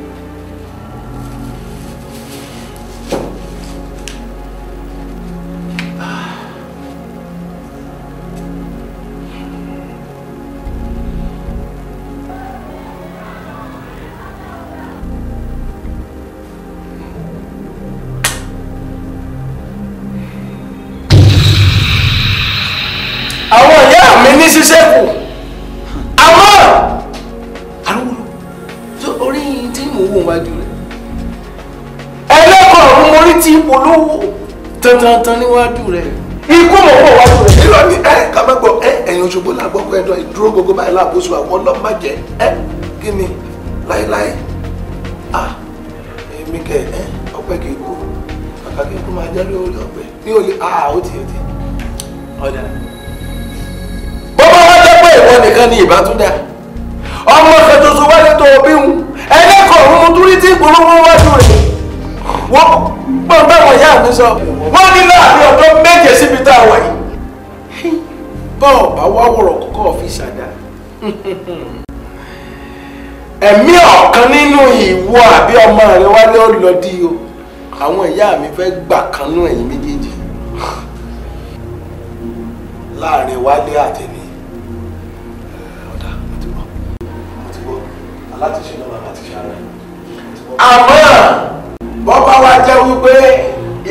tiwa wọ́n lọ́ọ́ má ẹ̀mí ọ̀kan nínú ìwọ àbí ọmọ rẹ wálé ó lọ dí o àwọn ìyá mi fẹ́ gbà kan nú méjèèjì láàrin wálé àtẹ̀lé ọ̀dà mo ti bọ̀ náà bàbá ti ṣàrà ẹ̀. àmọ́ bọ́bá wa jẹ́ wípé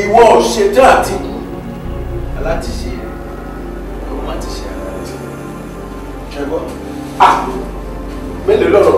ìwọ ò ṣetán àti de loro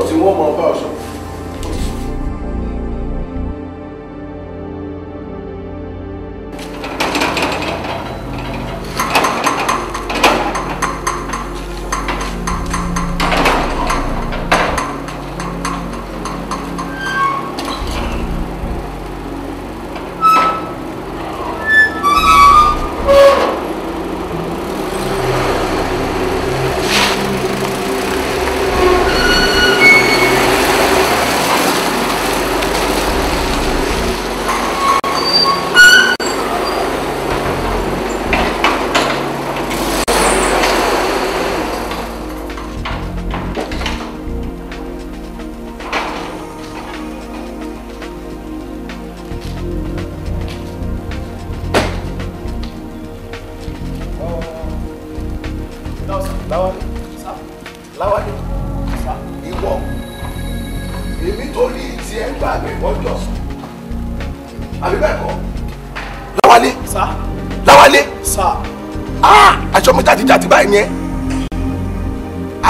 yẹn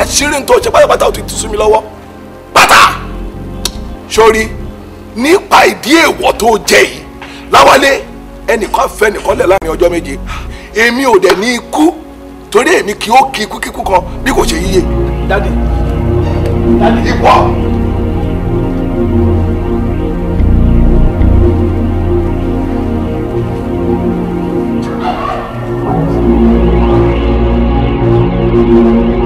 àṣírí nítorí ọ̀ṣẹ́ pátápátá ò ti tú sí mi lọ́wọ́ pátá sórí nípa ìdí èèwọ̀ tó jẹ yìí láwálé ẹnìkan fẹ́ nìkan lẹ̀ láàrin ọjọ́ méje èmi ò dẹ̀ ní ikú torí èmi kì ó kí ikú kíkú kan bí kò ṣe yíyé. dadi dadi ipò. Thank you.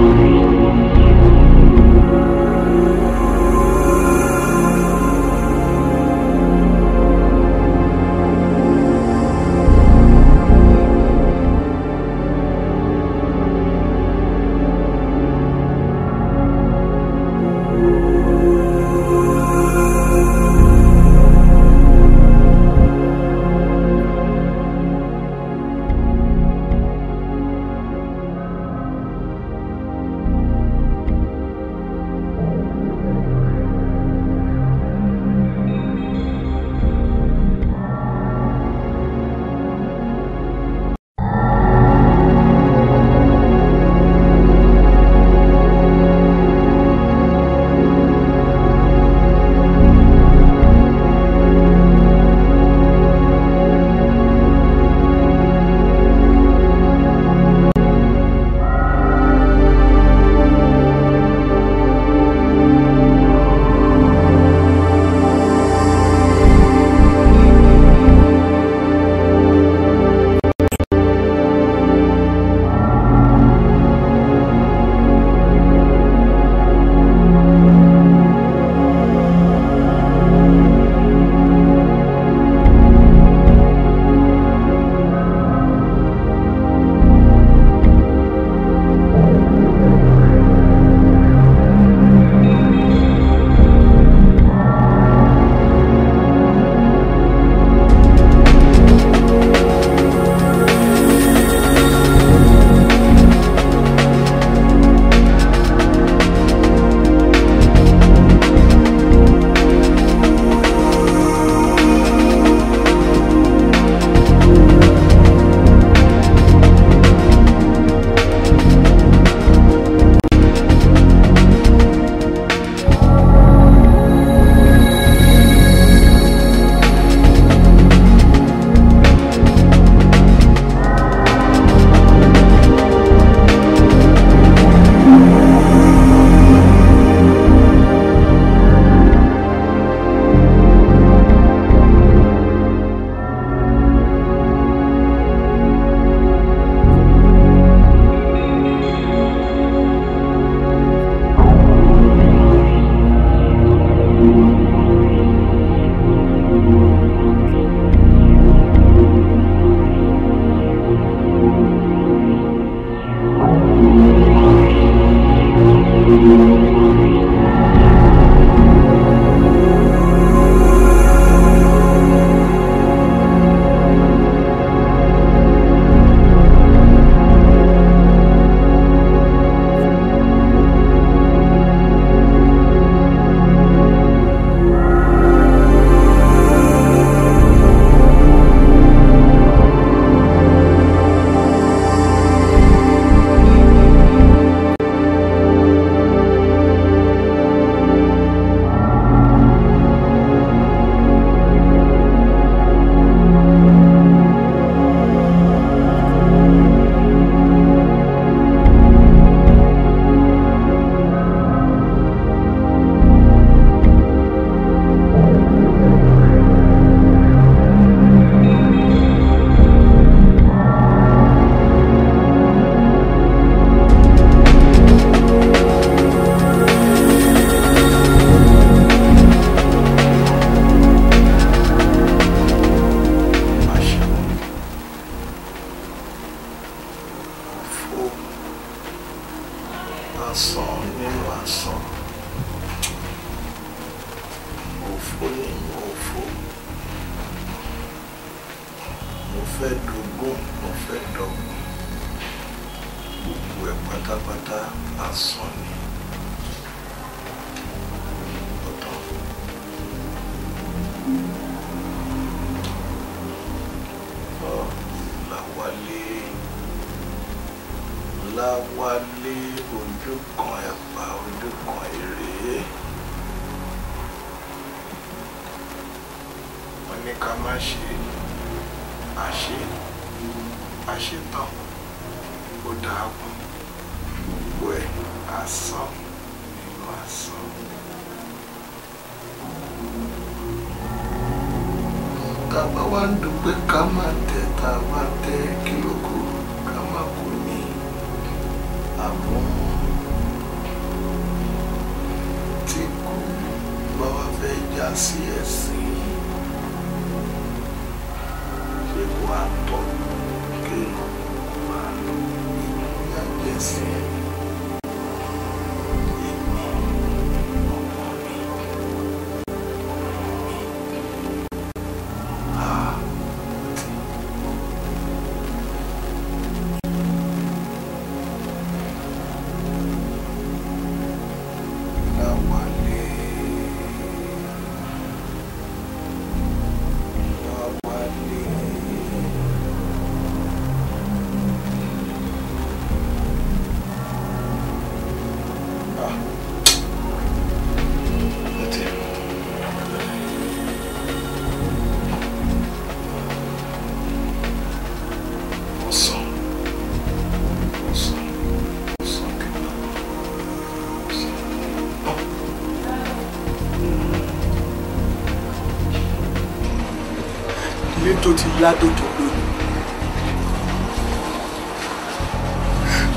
tó ti ládòdò lónìí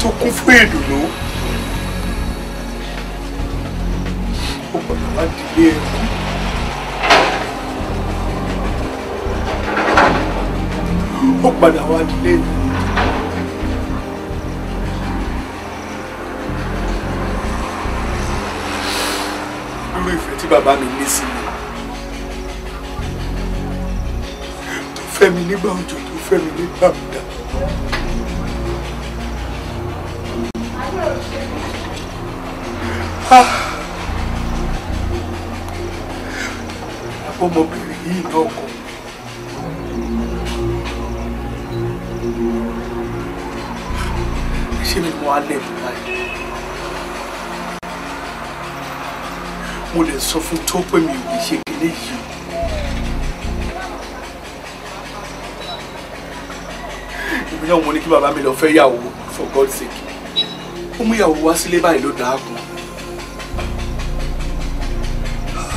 tó kún fún ìdùnnú ó padà wá dìlé ẹkú. ó padà wá dìlé ẹkú. lórí ìfẹ́ tí bàbá mi ní sí mi. nígbà òjò tó fẹ́ mi nígbà òdà. Ah. ọmọbìnrin yìí náà kọ. ṣé mi mọ alẹ́ mi láyé? mo lè sọ fún tó pé mi ò ní ṣe náà mo ní kí bàbá mi lọ fẹ́ yàwó for God's sake ó mú yàwó wá sílé báyìí ló dàá kù.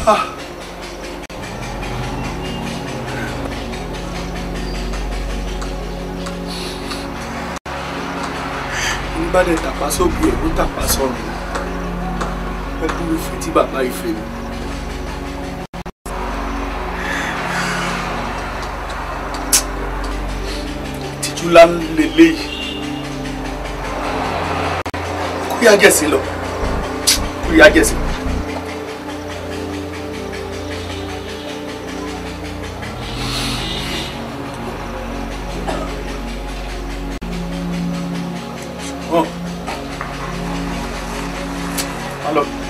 Ah. nígbàdàn tàpá sóògùn ẹ̀ ló tàpá sọ̀rọ̀ ẹ kúrò ìfẹ́ tí bàbá ìfẹ́ mi. ńlá lélẹ̀ yìí kó yá jẹ̀sí lọ kó yá jẹ̀sí.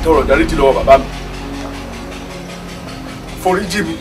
tọrọ ìdáríjì lọ́wọ́ bàbá mi foríjì mi.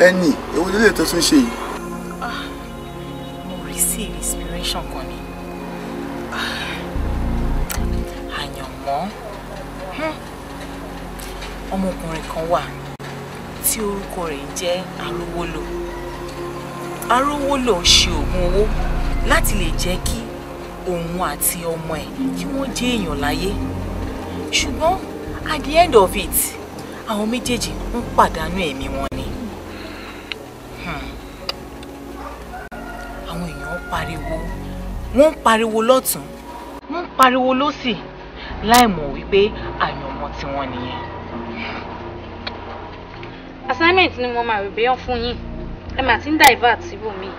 ẹnì èwo lélẹ̀ tó tún ṣe yìí. mo receive inspiration kan ni ah, àyànmọ́ hmm. ọmọkùnrin kan wà tí orúkọ rẹ̀ jẹ́ arówólò arówólò ń ṣe oògùn owó láti lè jẹ́ kí òun àti ọmọ ẹ̀ kí wọ́n jẹ́ èèyàn láyé ṣùgbọ́n at the end of it àwọn méjèèjì ń pàdánù ẹ̀mí wọn wọ́n ń pariwo lọ́tún wọ́n ń pariwo lọ́sì láìmọ̀ wípé àyànmọ́ tiwọn nìyẹn. assignment ni mo máa rèbéyàn fún yín ẹ mà ti ń divert síbòmíì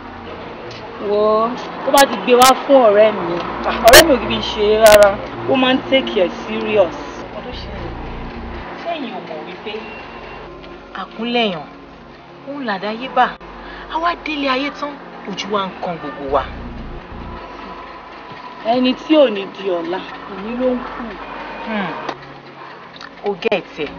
wọ tó bá ti gbé wá fún ọ̀rẹ́ mi ah, ọ̀rẹ́ mi ò kìí ṣe é rárá ó máa ń take it serious. ọdún ṣe sẹ́yìn ò mọ̀ wípé àkúnlẹ̀yàn òun làdáyébà àwa délé ayé tán ojú wa ń kan gbogbo wa ẹni tí ò ní di ọ̀la òní ló ń kù. o gẹ̀ ẹ̀ tẹ̀.